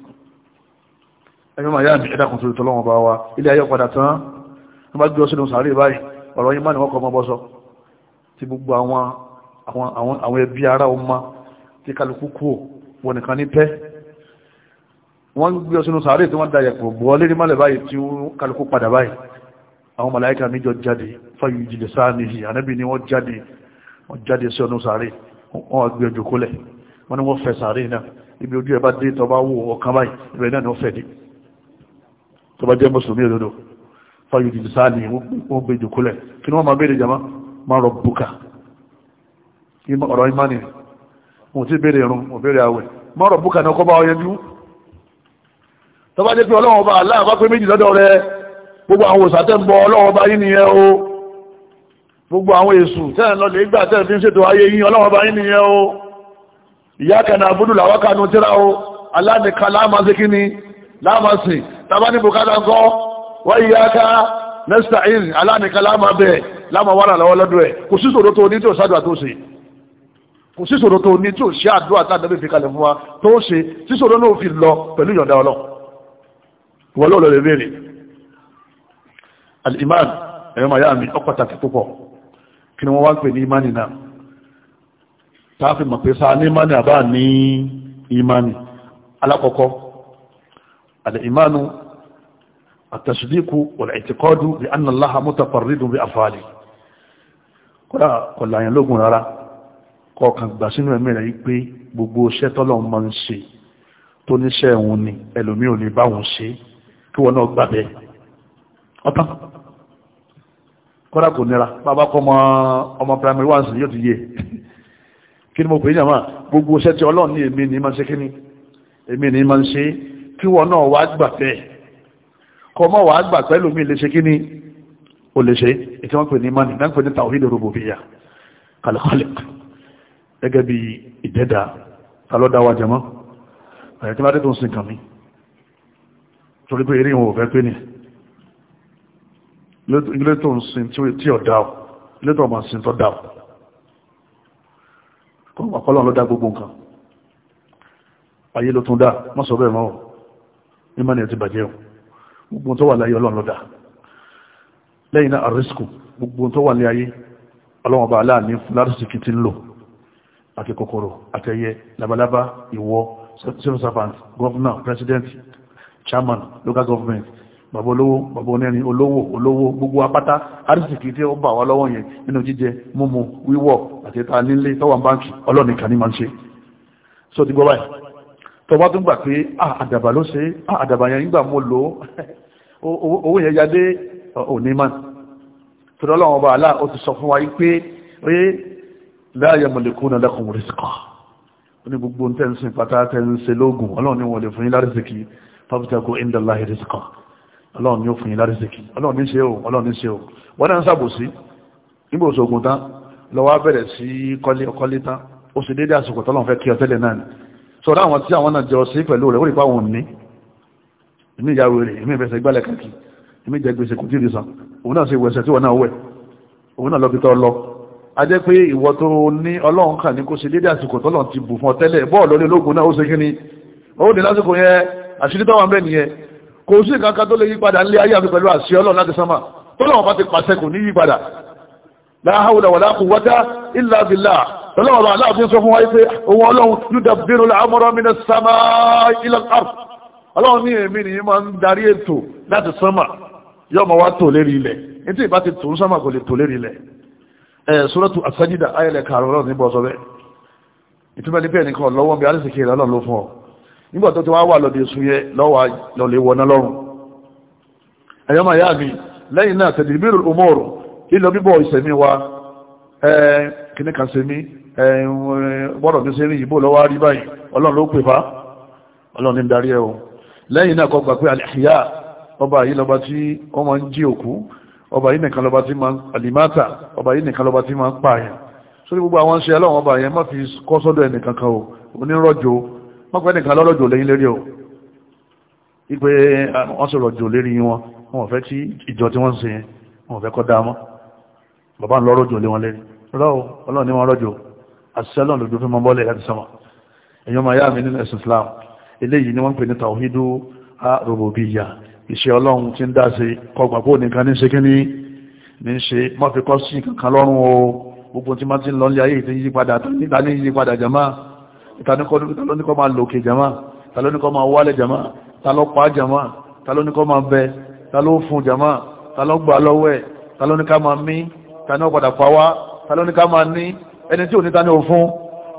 ẹ̀yọ́ màá yá mi ẹ̀dá kùnfẹ́ tọ́lọ́wọ́n bá wa ilé ayé padà tán wọ́n bá gbé ọ sínú sàárè báyìí ọ̀rọ̀ yín má ní wọ́n kọ́ ọmọ bọ́ sọ ti gbogbo àwọn ẹbí ara ọmọ tí kálukú kú wọn nìkan ní pẹ́ wọ́n gbé ọ sínú sàárè tí wọ́n da yẹ̀pọ̀ bọ́ lérí mọ́lẹ̀ báyìí tí kálukú padà báyìí àwọn màláíkà mi jọ jáde fáyì ìjìnlẹ̀ sáà nìyí ànábì ni wọ́n jáde wọ́n ibi ojú ẹ̀ dé tọ́ bá wò báyìí ibẹ̀ náà ni wọ́n fẹ́ dé tó bá jẹ́ mùsùlùmí òdodo fáyọ̀ jìjì sáàlì wọ́n gbé jòkólẹ̀ kí ni wọ́n máa béèrè jama máa rọ bùkà ọ̀rọ̀ ìmánì wọn ti béèrè irun wọn béèrè àwẹ̀ máa rọ bùkà náà kọ́ bá ọyẹ jú tó bá jẹ́ pé ọlọ́wọ́n bá aláà bá pé méjì lọ́dọ̀ rẹ gbogbo àwọn òsà tẹ́ ń bọ ọlọ́wọ́n o gbogbo àwọn èṣù tẹ́ ń tàbá ní bùkátà ń kọ́ wọ́n yí aká nẹ́sítàín aláàníkan láàmà bẹ́ẹ̀ láàmà wàrà lọ́wọ́ lọ́dọ̀ ẹ̀ kò sí ṣòro tó ní tí ò sádùá tó ṣe kò sí ṣòro tó ní tí ò sí àdúrà tá àdébẹ̀ fi kalẹ̀ fún wa tó ṣe sí ṣòro náà fi lọ pẹ̀lú ìyọ̀dá ọlọ́ wọ́n lọ́ọ̀lọ́ lè béèrè al-iman ẹ̀rọ mayami ọ pàtàkì púpọ̀ kí ni wọ́n wá ń pè ní imani náà tààfin mọ̀ pé sáà ní imani àbá ní imani alákọ̀ọ́kọ́ al التصديق والاعتقاد بأن الله متفرد بأفعاله. bí afali kọ́lá kọ̀láyàn lógún rárá kọ̀ọ̀kan gbà sínú ẹ̀mí rẹ̀ yí pé gbogbo iṣẹ́ tọ́lọ́run máa ń ṣe tó níṣẹ́ òun ni ẹlòmí ò lè bá òun ṣe kí wọ́n náà gbàbẹ́ ọ̀tán kọ́lá kò nira bàbá kọ́ ọmọ primary one sí yóò ti yé kọ mọ́ wàá gbà pẹ́lú mi lè ṣe kí ni o lè wọ́n pè ní mani náà pè ní tawhid rububiyya kalkhalik gẹ́gẹ́ bí ìdẹ́dà talọ́dá wa jẹmọ́ àyẹ̀kí ládé tó ń sin kàn mí torí pé eré ìwọ̀n òfẹ́ pé ni ilé tó ń sin tí ọ̀ dá ọ ilé tó ọmọ sin tó dá ọ kọ́ ọ̀pọ̀lọ́ ló dá gbogbo nǹkan ayé ló tún dá mọ́sọ̀ bẹ́ẹ̀ mọ́ ọ ní mani ẹ̀ ti bàjẹ́ o gbogbo tó wà láyé ọlọ́run ló dá lẹ́yìn náà àrísìkò gbogbo tó wà ní ayé ọlọ́run ọba aláàní lárìsìkì ti ń lò àti kòkòrò àtẹyẹ labalábá ìwọ civil servant governor president chairman local government bàbá olówó bàbá onẹ́rin olówó olówó gbogbo apáta àrísìkì tí ó bà wá lọ́wọ́ yẹn nínú jíjẹ mímu wíwọ̀ àti ìta nílé tọ́wà báńkì ọlọ́run kan ní máa ń ṣe so ti gbọ́ báyìí tọwọ́ tó gbà pé ah, àdàbà ló ṣe ah, àdàbà yẹn nígbà mo lò ó owó yẹn jáde òní mọ́ torí ọlọ́run ọba àlá ó ti sọ fún wa yí pé pé láàyè mọ̀lẹ́kùn náà lẹ́kùn rìsíkà ó ní gbogbo ń tẹ́ǹsìn pátá tẹ́ǹsìn lóògùn ọlọ́run ní wọ́n lè fún yín lárísìkì fábítàkù ìndàláhì rìsíkà ọlọ́run ní ó fún yín lárísìkì ọlọ́run ní ṣe o ọlọ́run ní ṣe o wọ́n náà ń sàbòsí nígbà òṣògùn tán lọ́wọ́ bẹ̀rẹ̀ sí kọ́lé ọkọ́lé tán ó sì dédé àsìkò tọ́lọ́run fẹ́ kí ọtẹ́lẹ̀ náà ni sọ̀rọ̀ àwọn tí àwọn náà jọ sí pẹ̀lú rẹ̀ ó rí pàwọn ní èmi ìyá wèrè èmi ìfẹsẹ̀ gbálẹ̀ kàkì èmi jẹ gbèsè kò tíì san òun náà ṣe ìwẹ̀sẹ̀ tí wọ́n náà wẹ̀ òun náà lọ fi tọ́ lọ a jẹ́ pé ìwọ tó ní ọlọ́run kà ní kó ṣe dédé àsìkò tọ́lọ̀ ti bù fún ọ tẹ́lẹ̀ bọ́ọ̀lù ní ológun náà ó ṣe kíni ó ní lásìkò yẹn àṣírí tọ́wọ́ bẹ́ẹ̀ nìyẹn kò sí kankan tó lè yípadà ńlé ayé àfi pẹ̀lú àṣì ọlọ́run láti sánmà tọ́lọ́wọ́n bá ti pàṣẹ kò ní yípadà la hawla wala quwwata illa billah tọ́lọ́wọ́n bá aláàfin sọ fún wáyé pé òun ọlọ́run yudabbiru al-amra min as-samaa'i ila al ọlọ́run ní èmi nìyí máa ń darí ètò láti sánmà yóò máa wá tò lérí ilẹ̀ ètò ìbá ti tò ń sánmà kò lè tò lérí ilẹ̀ ẹ̀ sọ́lọ́tù àsájídà ayẹlẹ̀ kààrọ̀ ọlọ́run níbọ̀ sọ bẹ́ẹ̀ ìtumẹ̀ ní bẹ́ẹ̀ nìkan lọ́wọ́ bí alẹ́sìkè rẹ̀ ọlọ́run ló fún ọ nígbà tó ti wá wà lọ́dẹ sùn yẹ lọ́wọ́ lọ́lẹ̀ wọná lọ́rùn ẹ̀yọ́ máa yá mi lẹ́yìn náà tẹ̀lé ìbírò òmòrò ìlọ bíbọ̀ ìsẹ̀mí wa kìnnì kan sẹ́mi gbọ́dọ̀ mi sẹ́mi ìbò lọ́wọ́ rí báyìí ọlọ́run ló pè fa ọlọ́run ní darí ẹ̀ o lẹ́yìn náà kọ́ gbà pé àlẹ́hìyá ọba yìí lọba tí wọ́n máa ń jí òkú ọba yìí nìkan lọba tí máa ń àlìmáta ọba yìí nìkan lọba tí máa ń pààyàn sórí gbogbo àwọn ṣe aláwọn ọba yẹn má fi kọ́ sọ́dọ̀ ẹnìkan kan o onírọ̀jò má pẹ́ nìkan lọ́rọ̀jò lẹ́yìn lérí o ipe wọ́n sì rọ̀jò lérí wọn wọn fẹ́ tí ìjọ tí wọ́n ń sìn wọn fẹ́ kọ́ dáa mọ́ bàbá ń lọ́rọ̀jò lé wọn lérí ọlọ́run ni wọ́n rọ̀jò àṣìṣẹ́ lọ́n lójú fún mọ́ bọ́ọ̀lẹ̀ láti sọ́mọ́ èèyàn máa yá mi nínú ẹ̀sìn Islam eléyìí ni wọ́n pè ní tàwídú àrùbùbíyà iṣẹ́ ọlọ́run ti ń dá sí kọgbàgbó nìkan ní ṣe kí ní ní ṣe má fi kọ́ sí kankan lọ́rùn o gbogbo tí máa ti ń lọ nílé ayé ìtẹ́ yípadà níta ní yípadà jama ìtàlóníkọ́ máa lòkè jama ìtàlóníkọ́ máa wálẹ̀ jama ìtàlọ́pàá jama ìtàlóníkọ́ máa bẹ ìtàlófún jama ìtàlọ́gbà lọ́wọ́ ẹ̀ ìtàlóníkà máa mí ìtàlóníkà máa ní ẹni tí ò ní ta ní òfun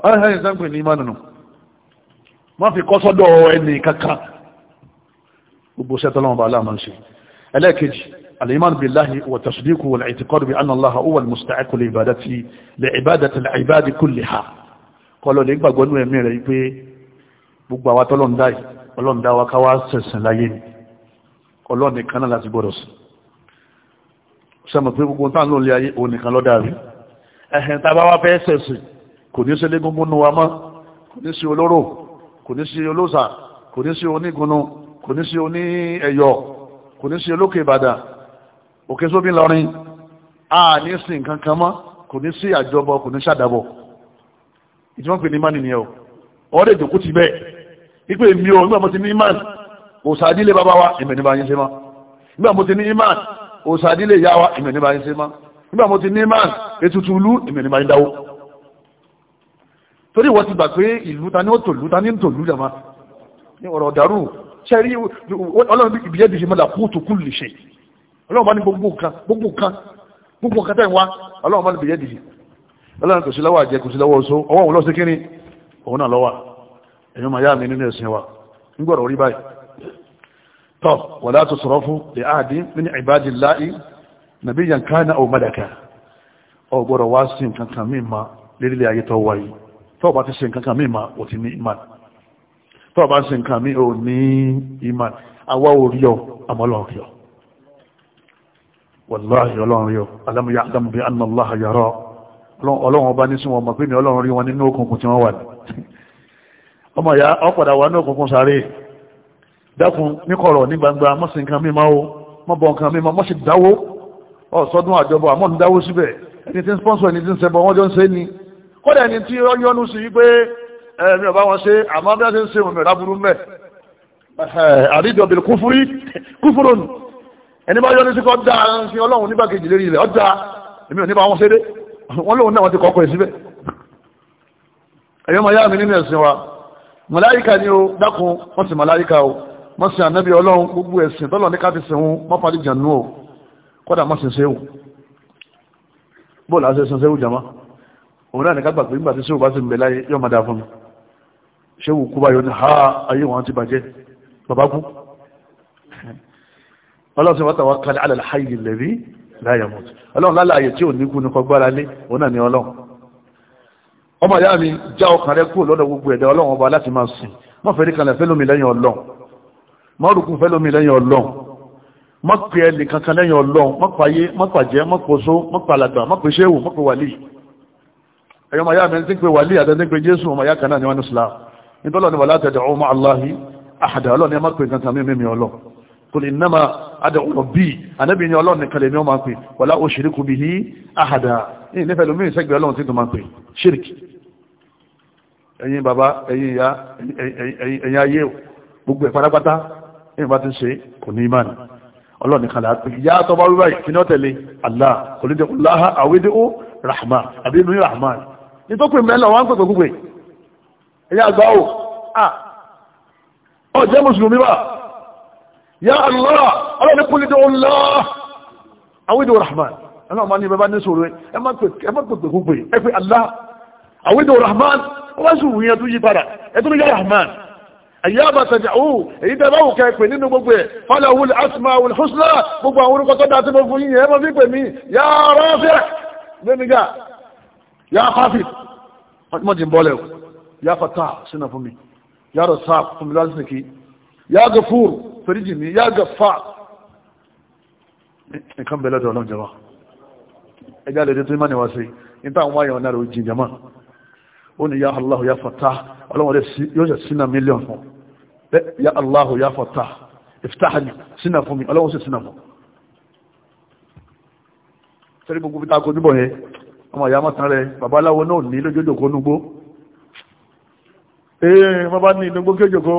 ọ̀rẹ́ má fi kọ́ sọ́dọ̀ ẹni kankan gbogbo sẹ́tọ́ lọ́wọ́ bá aláàmà ń ṣe ẹlẹ́ẹ̀kejì alìmán bí láhì wà tàṣídíkù wà ìtìkọ́rù bí anna láha owó alìmùsítàkù lè ìbádá ti lè ìbádá ti lè ìbádí kú lè ha kọlọ̀ lè gbàgbọ́ nú ẹ̀mí rẹ̀ pé gbogbo àwa tọ́lọ́ndá yìí ọlọ́ndá wa kò ní sí olóró kò ní sí olóòsà kò ní sí onígunu kò ní sí oní ẹ̀yọ̀ kò ní sí olókè ìbàdàn òkè sóbí lọrin a ní sí nǹkan kan mọ́ kò ní sí àjọbọ kò ní sàdàbọ̀ ìjọba pè ní mánì nìyẹn o ọ̀rẹ́ ìjòkó ti bẹ́ẹ̀ ipò èmi o nígbà mo ti ní imán òsàdílé bàbá wa ìmẹ̀ nípa yín ṣe mọ́ nígbà mo ti ní imán òsàdílé ìyá wa ìmẹ̀ nípa yín ṣe mọ́ nígbà mo ti ní imán ètùtù ìlú ìmẹ̀ nípa yín dáwó torí ìwọ ti gbà pé ìlú ta ní ó tòlú ta ní ń tòlú jàmá ní ọ̀rọ̀ ọ̀dàrú ṣẹ́rí ọlọ́run ibi jẹ́ bìí mọ́lá kúùtù kú lè ṣe ọlọ́run bá ní gbogbo nǹkan gbogbo nǹkan gbogbo nǹkan tẹ́ ń wá ọlọ́run bá ní bìyẹ́ dìde ọlọ́run kò sí lọ́wọ́ àjẹ kò sí lọ́wọ́ oṣó ọwọ́ òun lọ́sí kínní òun náà lọ́wọ́ èyí máa yá mi nínú ẹ̀sìn wa nígbọ̀rọ̀ orí báyìí tọ́ wala tusrafu li tọ́ọ̀bá ti ṣe nǹkan kan mí ma ò ti ní iman tọ́ọ̀bá ṣe nǹkan mí ò ní iman àwa ò rí ọ àmọ́lọ́run rí ọ wàláhì ọlọ́run rí ọ alam ya'lam bi anna Allaha yara ọ̀sọ́dún àjọbọ̀ àmọ́ ń síbẹ̀ ẹni tí ń sponsor ẹni tí ń ṣẹbọ wọ́n jọ ń ṣe ni kódà ní tí ó yọnu sí wípé ẹ̀mí ọba wọn ṣe àmọ́ bí wọ́n ṣe ń ṣe òmìnira burú mẹ́ àríjọ kúfúrí kúfúrò ẹni bá yọnu sí kọ́ dá sí ọlọ́run nígbà kejì lérí ilẹ̀ ọjà èmi ò ní wọn ṣe dé wọ́n lóun náà wọ́n ti kọ́kọ́ ẹ̀ síbẹ̀ ẹ̀yọ́ máa yá mi nínú ẹ̀sìn wa màláyíkà ni ó dákun wọ́n sì màláyíkà o wọ́n sì ànábì ọlọ́run gbogbo ẹ̀sìn tọ́lọ̀ ní ká ti sìn wọn wọ́n fàdí jànú o kódà wọ́n sì ṣe o bóòlù àṣẹ ṣe ṣe jàmá òun náà ní kápá pé nígbà tí sèwù bá ti ń dáa fún mi sèwù kú báyọ̀ ní ha ayé wọn ti bàjẹ́ bàbá kú ọlọ́run sì wọ́n tàwọn kalẹ̀ alẹ́ láàyè lẹ́rí láyà mọ́tò ọlọ́run lálàyè tí ò ní kú ní kọ́ gbára lé òun náà ní ọlọ́run ọmọ ìyá mi já ọkàn rẹ kúrò lọ́dọ̀ gbogbo ẹ̀dá ọlọ́run ọba láti máa sìn má fẹ́ nìkan lẹ̀ fẹ́lómi lẹ́yìn ọlọ́run má rúkú fẹ́lómi lẹ́yìn ọlọ́run má pè ẹ́ nìkankan lẹ́yìn ọlọ́run má pàyé ẹ̀yọ́ màá yá mi ti ń pe wàlí àti ẹni pé jésù ọmọ yá kan náà ni wọ́n ní islam nítorí ọ̀nà wàlá tẹ̀dẹ̀ ọmọ aláhi àhàdà ọlọ́ni ẹ má pe kankan mímí mi ọlọ́ kò lè nàmà adà ọ̀rọ̀ bíi ànábì ni ọlọ́ni kalẹ̀ ni wọ́n máa pe wàlá o ṣìríkù bí i àhàdà yìí nífẹ̀ẹ́ lómi ìṣẹ́gbẹ̀ẹ́ ọlọ́run tí tó máa pe ṣìríkì ẹ̀yin bàbá ẹ̀yin ìyá rahman ìtọ́pẹ̀ mẹ́lọ wọ́n ń pẹ̀pẹ̀ púpẹ̀ ẹ̀yà àgbà ò à ọ jẹ́ mùsùlùmí wà yá Allah ọlọ́ni kúlẹ̀ tó ń lọ àwídò rahman ẹ̀nà ọmọ ní bàbá ní sọ̀rọ̀ ẹ má pẹ̀pẹ̀ púpẹ̀ ẹ pé Allah àwídò rahman wọ́n bá sì wù yẹn tó yí padà ẹ tó ní yá rahman ẹ̀yà bá tẹ̀jà ó èyí tẹ́ báwò kẹ́pẹ̀ nínú gbogbo ẹ̀ falahul asmaul husna gbogbo àwọn orúkọ tó dá ya fafi fatimajin bolewu ya fata suna fumi ya rasa fumi lati suke ya ga fur firji ne ya ga fa in e, e kan bela e da wani jama a gada da tuni wasu in ta nwa yawon jama wani ya Allah ya fata alamwada yau ya suna miliyon fun ya Allah ya fata ifta hanyar suna fumi alamwada suna fun sai ọmọ ìyá mọ́sán rẹ̀ babaláwo náà ní lójójòkó núgbó ee wọ́n bá ní ìlúgbó kéjòkó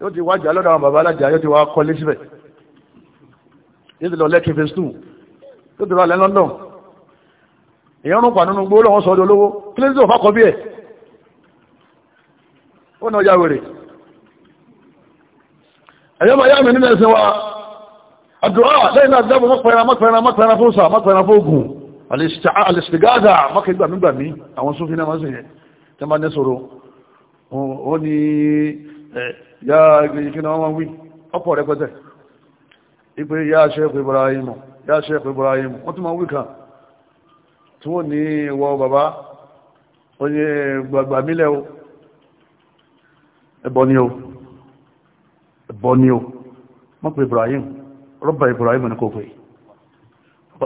yóò ti wájà lọ́dọ̀ àwọn babalájà yóò ti wá kọ́lé síbẹ̀ yóò ti lọ lẹ́kì phase two yóò ti lọ alẹ́ London èèyàn rún pàánù núgbó lọ́wọ́ sọ́dọ̀ olówó kí ló lẹ́yìn náà dábò mọ́pẹ̀rẹ̀ fóòsà mọ́pẹ̀rẹ̀ fóògùn alìsìgáàdà mọ́kẹgbàmígbàmí àwọn súnfí náà máa sì yẹ tí wọ́n bá ní sọ̀rọ̀ ó ní ya ìgbìyànjú wọn wí ọ̀pọ̀ rẹpẹtẹ ipé ya Sheikh Ibrahim ya Sheikh Ibrahim wọ́n tún máa wí kan tí wọ́n ní ìwọ bàbá ó ní gbàgbàmílẹ̀ o ẹbọ ni kò pè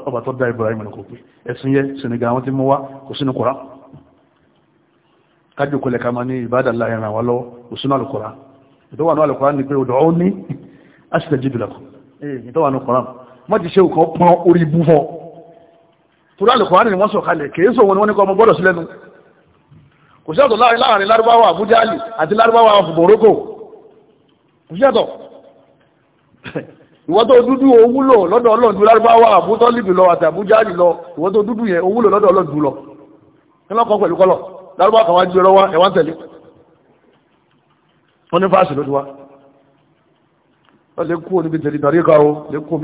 ọba tó dá Ibrahim ní kò pé ẹ̀sìn yẹ sinigá wọn ti mú wá kò sínú kura kájú kọlẹ̀ ká máa ní ìbádà láàrin ràn wá lọ́wọ́ kò sínú àlùkùrá ìtọ́wà náà àlùkùrá ni pé odò ó ní astajib lakum ìtọ́wà náà kùrá wọ́n ti ṣe òkan pọn orí ni wọ́n sọ kalẹ̀ kìí sọ ni wọ́n ní kọ́ ọmọ gbọ́dọ̀ sílẹ̀ nu kò síyàtọ̀ láàrin lárúbáwá ìwọ́n tó dúdú owúlò lọ́dọ̀ ọlọ́dún lárúbáwá àbútọ́lìbì lọ àti àbújáàdì lọ ìwọ́n tó dúdú yẹn owúlò lọ́dọ̀ ọlọ́dún lọ ẹlọ́kọ̀ pẹ̀lú kọ́lọ̀ lárúbáwá kan wá jí ọlọ́wá ẹ̀wọ́n tẹ̀lé wọ́n ní fáàsì lójú wa o lè kú níbi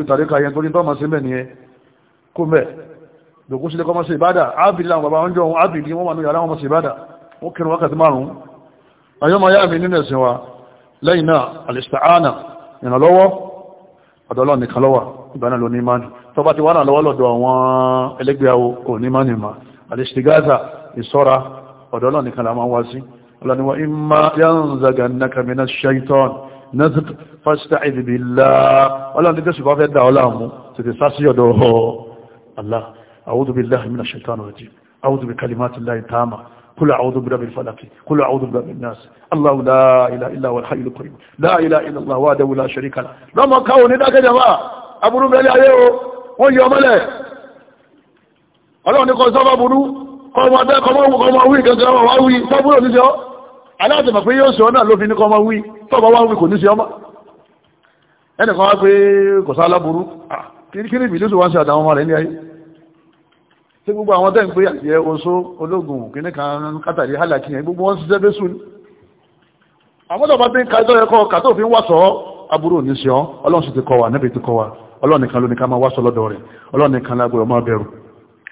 tàríkà yẹn torí tọ́mọ̀ sí mẹ́ nìyẹn kú mẹ́ lòkú sílé kọ́mọ́ sí ìbádà ábìlì àwọn bàbá oúnjẹ ohun ábìlì wọ́n wà ní yàrá wọn sí ìbádà wọ́n ọ̀dọ́lọ́ nìkan lọ́wà ìgbàna ló ní mánì tó bá ti wà náà lọ́wọ́ lọ́dọ̀ àwọn ẹlẹ́gbẹ̀ẹ́wò kò ní mánì ma àdìsígáza ìṣọ́ra ọ̀dọ́lọ́ nìkan la máa wá sí ọlọ́niwọ̀ imma yanzaganaka mina shaitan nazg fasta'idh billah ọlọ́ni tẹ́sù bá fẹ́ قل أعوذ برب الفلق قل أعوذ برب الناس الله لا إله إلا هو الحي القيوم لا إله إلا الله وحده لا شريك له لما كاو نداك جماعة أبو ربي عليه wọ́n yọ mọ́lẹ̀ ọlọ́run ní kọ́ sábà burú kọ́ ọmọ abẹ́ kọ́ ọmọ wí gẹ́gẹ́ ọmọ wá wí sábúrò ní sí ọ́ aláàtẹ̀mọ̀ pé yóò sí ọ náà ló fi ní kọ́ ọmọ wí tọ́bọ̀ wá wí kò ní sí ọmọ ẹnìkan wá pé kò sá aláburú kí ní bìlú sí wá sí àtàwọn ọmọ rẹ̀ ní ayé tí gbogbo àwọn tẹ́ ń pé àti oṣó ológun kìíní kan kátàrí hálàkì yẹn gbogbo wọn ṣiṣẹ́ bẹ́sù ni àwọn tọ́ba tí ń ka ẹjọ́ ẹ̀kọ́ kàtó fi ń wà sọ aburú ní sí ọ ọlọ́run sì ti kọ wa níbi ti kọ wa ọlọ́run nìkan ló ní ká máa wá sọ lọ́dọ̀ rẹ̀ ọlọ́run nìkan lágbọ̀dọ̀ máa bẹ̀rù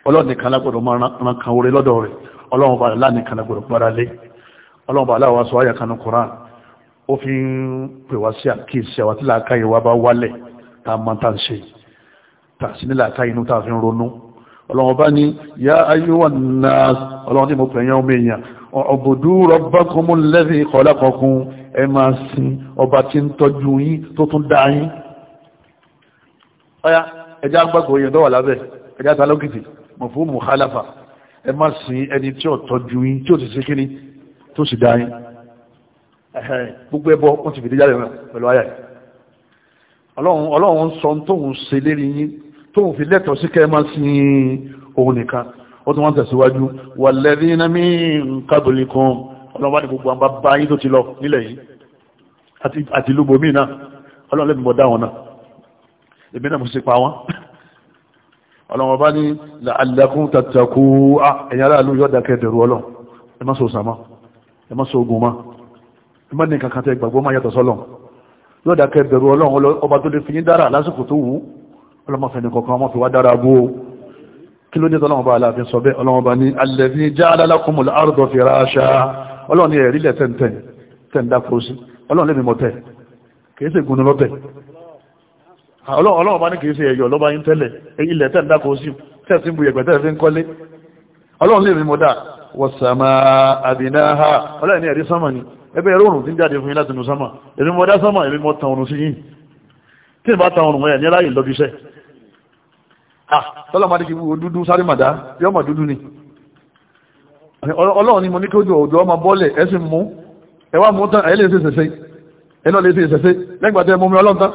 ọlọ́run nìkan lágbọ̀dọ̀ máa ran kan orí lọ́dọ̀ rẹ̀ ọlọ́run bá láà nìkan ó fi ń pè wá sí àkíyèsí àwọn tí làákàyè wa bá wálẹ̀ tá a ṣe tá a ní làákàyè inú tá fi ń ronú ọlọ́wọ́n bá ní yá ayúwà náà ọlọ́wọ́n tí mo pẹ̀yẹ ọmọ èèyàn ọ̀bùdú rọ́bákúnmú lẹ́fì ìkọlákọ̀kún ẹ máa sin ọba tí ń tọ́jú yín tó tún dá yín ọya ẹjá gbàgbọ́ èèyàn tó wà lábẹ́ ẹjá ta lókìtì mọ̀ fún mùhálàfà gbogbo ẹbọ wọn ọlọ́run sọ tóun ṣe lérí yín tóun fi lẹ́tọ̀ọ́ sí kẹ́ẹ̀má sí òun nìkan ó tún wọ́n tẹ̀síwájú walladhina min qablikum ọlọ́wọ́ ní gbogbo àbá bá yín tó ti lọ nílẹ̀ yìí àti ìlú bòmí náà ọlọ́wọ́ lẹ́mìí bọ̀dá wọn náà èmi náà mo sì pa wọn ọlọ́wọ́ bá ní la'allakum tattaqu ah, ẹ̀yà aráàlú yóò dákẹ́ dẹ̀rù ọlọ́ ẹ má ọlọ́mọ́fẹ́ni kọ̀kan wọ́n fi wá dára gó kí ló dé tọ́lọ́mọba aláàfin sọ bẹ́ ọlọ́mọba ní alladhi ja'ala lakumul arda firasha ọlọ́run ní ẹ̀rí lẹ́tẹ̀ntẹ̀ tẹ̀ǹdà kúrúsí ọlọ́run lèmi mọ̀tẹ̀ kìí ṣe gùn lọ́bẹ̀ bá ní kìí ṣe ẹ̀yọ̀ lọ́ba yín tẹ́lẹ̀ ilẹ̀ tẹ̀ǹdà kúrúsí tẹ̀sí bu yẹ̀gbẹ̀ tẹ́ẹ̀ fi ń kọ́lé ọlọ́run lèmi mọ̀dà wọ̀sàmà àbínáhà ọlọ́run ní ẹ̀rí sánmà ni ẹgbẹ́ Ah, tọ́lọ́mọdé kí wo dúdú sáré màdá yọ́ mọ̀ dúdú ni ọlọ́run ni mo ní kí ojú òjò ọmọ bọ́ọ̀lẹ̀ ẹ sì mú ẹ wá mú tán ẹ lè ṣe ṣẹṣẹ ẹ náà lè ṣe ṣẹṣẹ lẹ́gbàtẹ́ mú mi ọlọ́run tán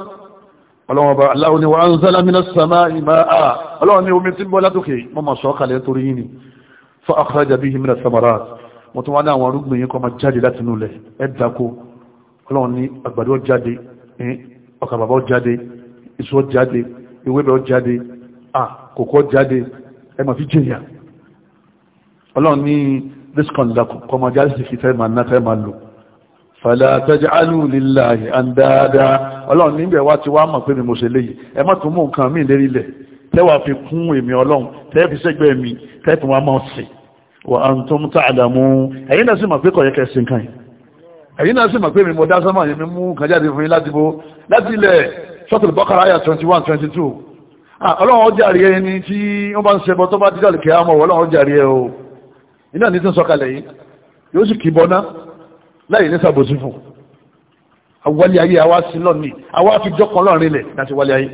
ọlọ́run ọba aláwọ̀ ni wọ́n ń sẹ́lá mi náà sàmá ìmọ̀ à ọlọ́run ni omi tí ń bọ́ látòkè mọ́ mọ̀ sọ́ọ́kàlẹ̀ torí yìí ni fún àkókò ah, jáde ẹ máa fi jẹyà ọlọ́run ní discount lakọ̀ kọmọ jáde sì fi fẹ́ máa ná fẹ́ máa lò fàlà taj'alu lillahi andada ọlọ́run níbẹ̀ wá ti wá mọ̀ pé mi mo ṣe léyìí ẹ má tún mú nǹkan mí lérí lẹ̀ tẹ́wàá fi kún èmi ọlọ́run tẹ́ fi sẹ́gbẹ́ mi tẹ́ tún wá máa sìn wa antum ta'lamun ẹ̀yin náà sì mọ̀ pé kọ̀yẹ́ kẹ́ sin kan ẹ̀yin náà sì mọ̀ pé mi mo dá sọ́mọ̀ yẹn mi mú kan fún yín láti bo láti ilẹ̀ sọ́tò bọ́kàrà àyà 21 22 Ah, ọlọ́run ọjà rí ẹni tí wọ́n bá ń ṣẹbọ tó bá dídà lè kẹ́ àmọ́ ọlọ́run ọjà rí ẹ o iná ní tí ń sọkalẹ̀ yìí yóò sì kìí bọ́ná láì ní sàbòsí fún awálé ayé àwa sí lọ́ọ̀ni àwa fi jọ́kan lọ́rin lẹ̀ láti wálé ayé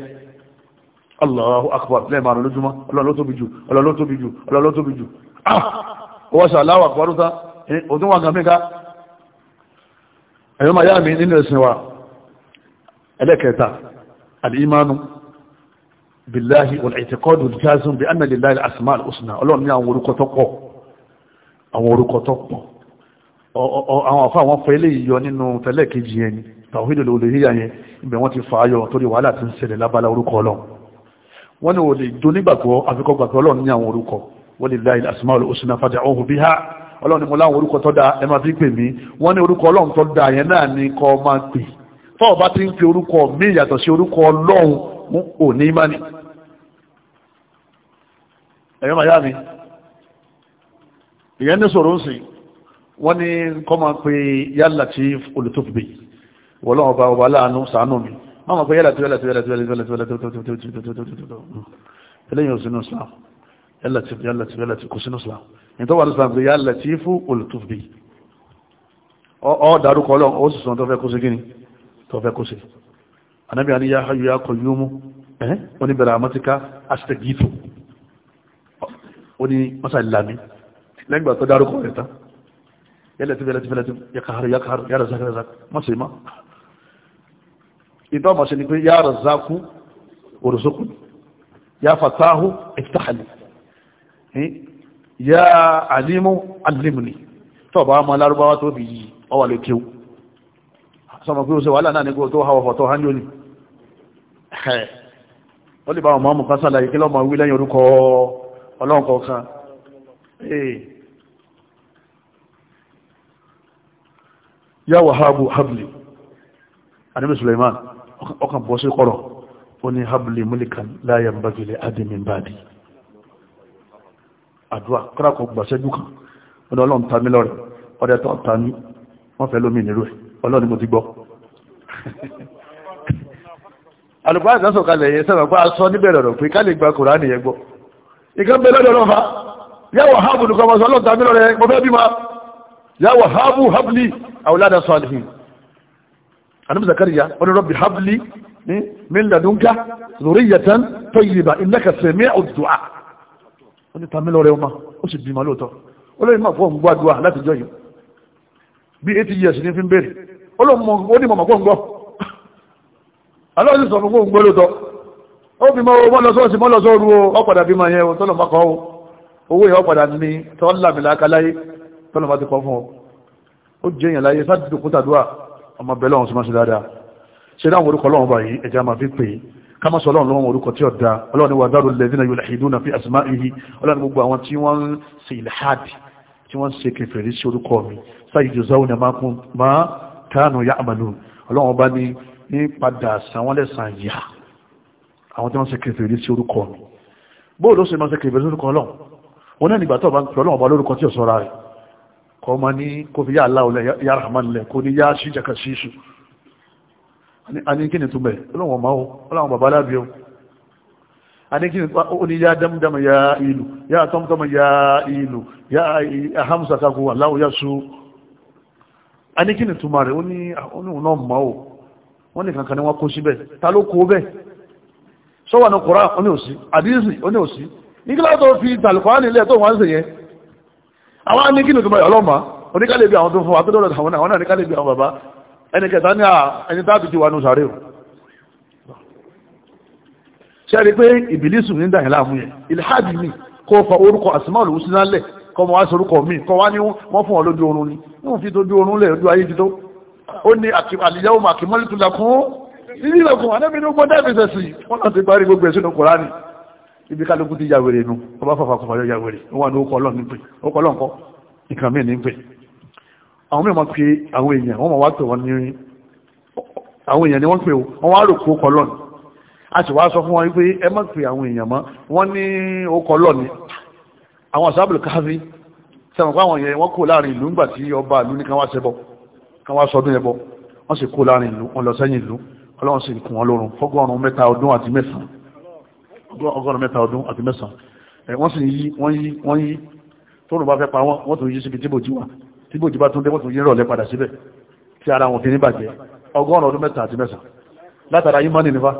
Allahu akbar lẹ́ẹ̀márùn lójúmọ́ ọlọ́run ló tóbi jù ọlọ́run ló tóbi jù ọlọ́run ah ọwọ́ sọ aláwọ̀ àpárúta òtún wà gàmíkà ẹ̀yọ́ màyá mi nínú ẹ̀sìn wa ẹlẹ́kẹta بالله والاعتقاد i'tiqad بأن لله الأسماء anna lillahi يا asma al husna ọlọ́run أو أو أو tó pọ̀ àwọn orúkọ tó pọ̀ àwọn àfáà wọn fọ eléyìí yọ nínú tẹ́lẹ̀ kejì yẹn ni tàwídò lòlòhíyà yẹn ibẹ̀ wọ́n ti fà á yọ torí wàhálà ti ń ṣẹlẹ̀ lábala orúkọ ọlọ́run wọ́n ní òlè jó nígbàgbọ́ àfikọ́ gbàgbọ́ ọlọ́run ní àwọn orúkọ wọ́n lè láì asmaul husna fad'uhu biha ọlọ́run ni mo láwọn orúkọ tó dáa ẹ máa fi pè mí wọ́n ní orúkọ ọlọ́run tó dáa yẹn náà ni kọ́ máa pè tọ́ọ̀ bá ti ń pe orúkọ mí yàtọ̀ sí orúkọ ọlọ́run ò ní ìmánì ẹ̀yọ́ màá yá mi ìyẹn ní sọ̀rọ̀ ń sìn wọ́n ní kọ́ máa pe ya Latif olùtòfìbì wọ́n lọ́wọ́ ọba ọba aláàánú sàánú mi wọ́n máa pe ya Latif ya Latif ya Latif ya Latif ya Latif eléyìí ò sínú Islam ya Latif ya Latif ya Latif kò sínú Islam ìtọ́wà ní Islam pé ya Latif olùtòfìbì ọ dárúkọ ọlọ́run ó sì sọ tó fẹ́ kó sí gíní tó fẹ́ kó sí anábìyàn ni ya Hayyu ya Qayyumu ẹ́ oníbẹ̀rẹ̀ àmọ́tíká astagito ó ní mọ́sá ìlàmí lẹ́gbà tó dárúkọ rẹ̀ tán yẹ́lẹ̀ tí fẹ́lẹ̀ tí fẹ́lẹ̀ tí yakaharu yakaharu yára zakarzaku mọ́sá ìmá ìtọ́ mọ̀ṣe ni pé yára zaku orùsókù ya fatahu iftahali eh, ya alimu alimni tó bá mọ́ lárúbáwá tó bí yìí ọwà lè kíw sọmọ pé ó ṣe wàhálà náà ní kó tó hawa fọ̀tọ̀ hánjọ́ ni ó ọlọ́run kọ̀ọ̀kan yá wàhábù habli anabi suleiman ọkàn bọ́ sí kọ́rọ̀ ó ní habli mulikan láyà ń bàgìlẹ̀ adìmín bàdì àdúrà kọ́rakọ̀ gbàṣẹ́jú kan ọdọ́ ọlọ́run ta mí lọ́rẹ̀ ọdẹ́ tó ta ní wọ́n fẹ́ lómi nílùú ẹ̀ ọlọ́run ni mo ti gbọ́ alùpàá ìdánsọ̀kalẹ̀ yẹn sẹ́wọ̀n pa aṣọ níbẹ̀rẹ̀ rọ̀ pé ká lè gba kùránì yẹn gbọ́ nǹkan bẹ lọ́dọ̀ lọ́fà yá wàhábù nìkan ọmọ sọ lọ́ta mi lọ́rẹ̀ mo fẹ́ bí ma yá wàhábù habli àwòládà salihin anabi zakariya wọn rọbì habli ní mílíọ̀dúnká zuriyatan tayyiba innaka sami'u du'a wọn ni tàmí lọ́rẹ̀ ọmọ ó sì bí ma lóòótọ́ olóyìn máa fọ́ọ̀mù gbọ́ years ní fi ń bèrè olóòmù ó ní mọ̀mọ̀ gbọ́ ó bí mọ́ mọ́lọ́sọ́sí mọ́lọ́sọ́rú ọ̀pàdà bí máa yẹ o tọ́lọ̀ mọ́kọ́ o owó yẹ ọ̀pàdà ní tọ́lámìláka láyé tọ́lọ̀ máa ti kọ́ fún ọ ó jẹ́ èèyàn láyé sádùkú tàdúà ọmọ bẹ̀lọ́ ọ̀hún sí máa ṣe dáadáa ṣe dáhùn orúkọ ọlọ́run báyìí ẹja máa fi ni wà dárò lẹ́dínà yóò lẹ́hìndún náà fi àsìmá ihi ọlọ́run gbogbo àwọn tí wọ́n ń ṣe ìlhàdì tí wọ́n ń ṣe kẹfẹ̀rí sí orúkọ mi sáyé jù záwọn ẹ̀ma kún máa kánú yá àmàlù ọlọ́run ọba ní padà sàn lẹ́sàn yá àwọn tí wọ́n ṣe kèfèrí sí orúkọ mi bóò ló ṣe máa ṣe kèfèrí sí orúkọ ọlọ́run wọn náà nígbà tó bá ń pẹ̀lú ọba lórúkọ tí ò sọ́ra rẹ̀ kọ́ ma ní kó fi yá aláwọ̀lẹ̀ yá jaka sí iṣu a ní kí ni túnbẹ̀ ọlọ́wọ̀n máa ọlọ́wọ̀n bàbá lábí ọ a ní kí ni ó ní yá dámdámà yá ìlú yá tọ́mtọ́mà yá ìlú yá hamsa kakú aláwọ̀ yá sú a ní kí ni wọ́n ní kankan ni wọ́n kó síbẹ̀ ta ló kó bẹ́ẹ̀ sọ́wọ́ ní kùrán oní òsí àdíyèsí oní òsí nígbà tó fi tàlùkùrán nílẹ̀ tó wọ́n ń sèyẹ àwọn aníkínú tó bá yọ lọ́mà oníkálẹ̀ bí àwọn tó fún wa tó dọ́rọ̀ àwọn náà oníkálẹ̀ bí àwọn bàbá ẹni kẹta ní ẹni táàbì ti wà ní sàárè ṣe rí pé ìbìlísù ní dàyìn láàmú yẹn ìlhádì mi kó fa orúkọ àsìmáàlù sí nálẹ̀ kọ́ mọ́ wá sí ni wọ́n tó ó sílí lọ́kùn àdẹ́bí ní gbọ́dá ìfẹsẹ̀ sí wọ́n náà ti parí gbogbo ẹ̀ sínú kòránì ya wèrè nu ọba fàfà kọfà ya wèrè wọ́n wà ní okọ̀ ọlọ́ọ̀ni pé okọ̀ ọlọ́ọ̀kọ́ ìkàn mí ní pé àwọn mìíràn máa pe wá ni wọ́n pè wọ́n wá rò pé okọ̀ ọlọ́ọ̀ni a sì wá sọ fún wọn pé ẹ má pe àwọn èèyàn mọ́ wọ́n ní okọ̀ ọlọ́ọ̀ni àwọn àsábìlì káfí sẹ́wọ̀n pé àwọn èèyàn wọ́n kó láàrin ìlú ńgbà tí ọba ìlú ní kan wá ṣẹbọ kan wá sọdún ẹbọ wọ́n sì kó láàrin ìlú ọlọ́run sì kùn wọn lórun fọ́gọ́rùn mẹ́ta ọdún àti mẹ́sàn ọgọ́rùn mẹ́ta ọdún àti mẹ́sàn wọ́n sì yí wọ́n yí wọ́n yí tóun bá fẹ́ pa wọ́n wọ́n tún yí síbi tíbòjì wà tíbòjì bá tún dé wọ́n tún yí rọ̀lẹ́ padà síbẹ̀ tí ara wọn fi ní bàjẹ́ ọgọ́rùn ọdún mẹ́ta àti mẹ́sàn látara imani nífa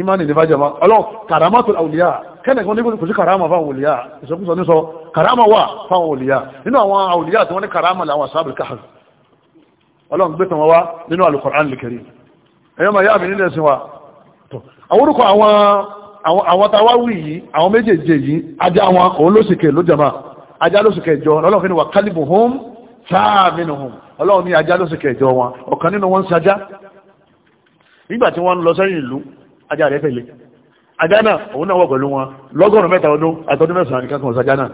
imani nífa jẹ́ wọn ọlọ́run karama tó àwòlíyà kẹ́nìkan ní kò sí karama fáwọn òlíyà ìsọkúsọ ní sọ karama wà fáwọn òlíyà nínú àwọn àwòlíyà tí wọ́n ní karama làwọn sábẹ̀ káàkiri ọlọ́run gbé tàn wá nínú Al-Qur'an Al-Karim ẹ̀yọ́ máa yá mi nílẹ̀ sí wa àwórúkọ àwọn àwọn tàwa wì yìí àwọn méjèèjì yìí ajá wọn òun ló sìkè ló jẹma ajá ló sìkè jọ ọlọ́run ni wà kálíbù hóm sáà mínú hóm ọlọ́run ní ajá ló sìkè jọ wọn ọ̀kan nínú wọn ń sajá nígbà tí wọ́n ń lọ sẹ́yìn ìlú ajá rẹ̀ fẹ́lẹ̀ ajá náà òun náà wọ̀ pẹ̀lú wọn lọ́gọ́rùn-ún mẹ́ta ọdún àtọ́dún mẹ́sàn-án nìkan kan sajá náà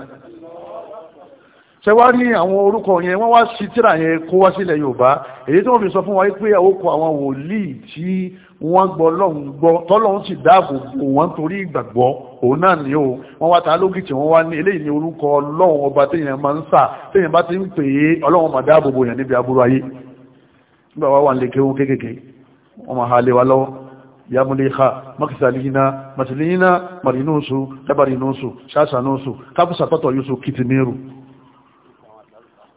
ṣe wá ní àwọn orúkọ yẹn wọ́n wá sí tíra yẹn kó wá sílẹ̀ Yorùbá èyí tí wọ́n fi sọ fún wa pé àwòkọ àwọn wòlíì tí wọ́n gbọ́ lọ́hùn sì dáàbò wọ́n torí ìgbàgbọ́ òun náà ni o wọ́n wá ta lókìtì wọ́n wá ní eléyìí ní orúkọ Ọlọ́hun ọba téèyàn máa ń sà téèyàn bá ti ń pè é Ọlọ́hun máa dáàbò bò yàn níbi aburú ayé nígbà wá wà ń lè kéwọ́n kéékèèké wọ́n máa ha lé wa lọ́wọ́ ya muliha makisalina masilina marinusu dabarinusu shasanusu kabusa toto yusu kitimiru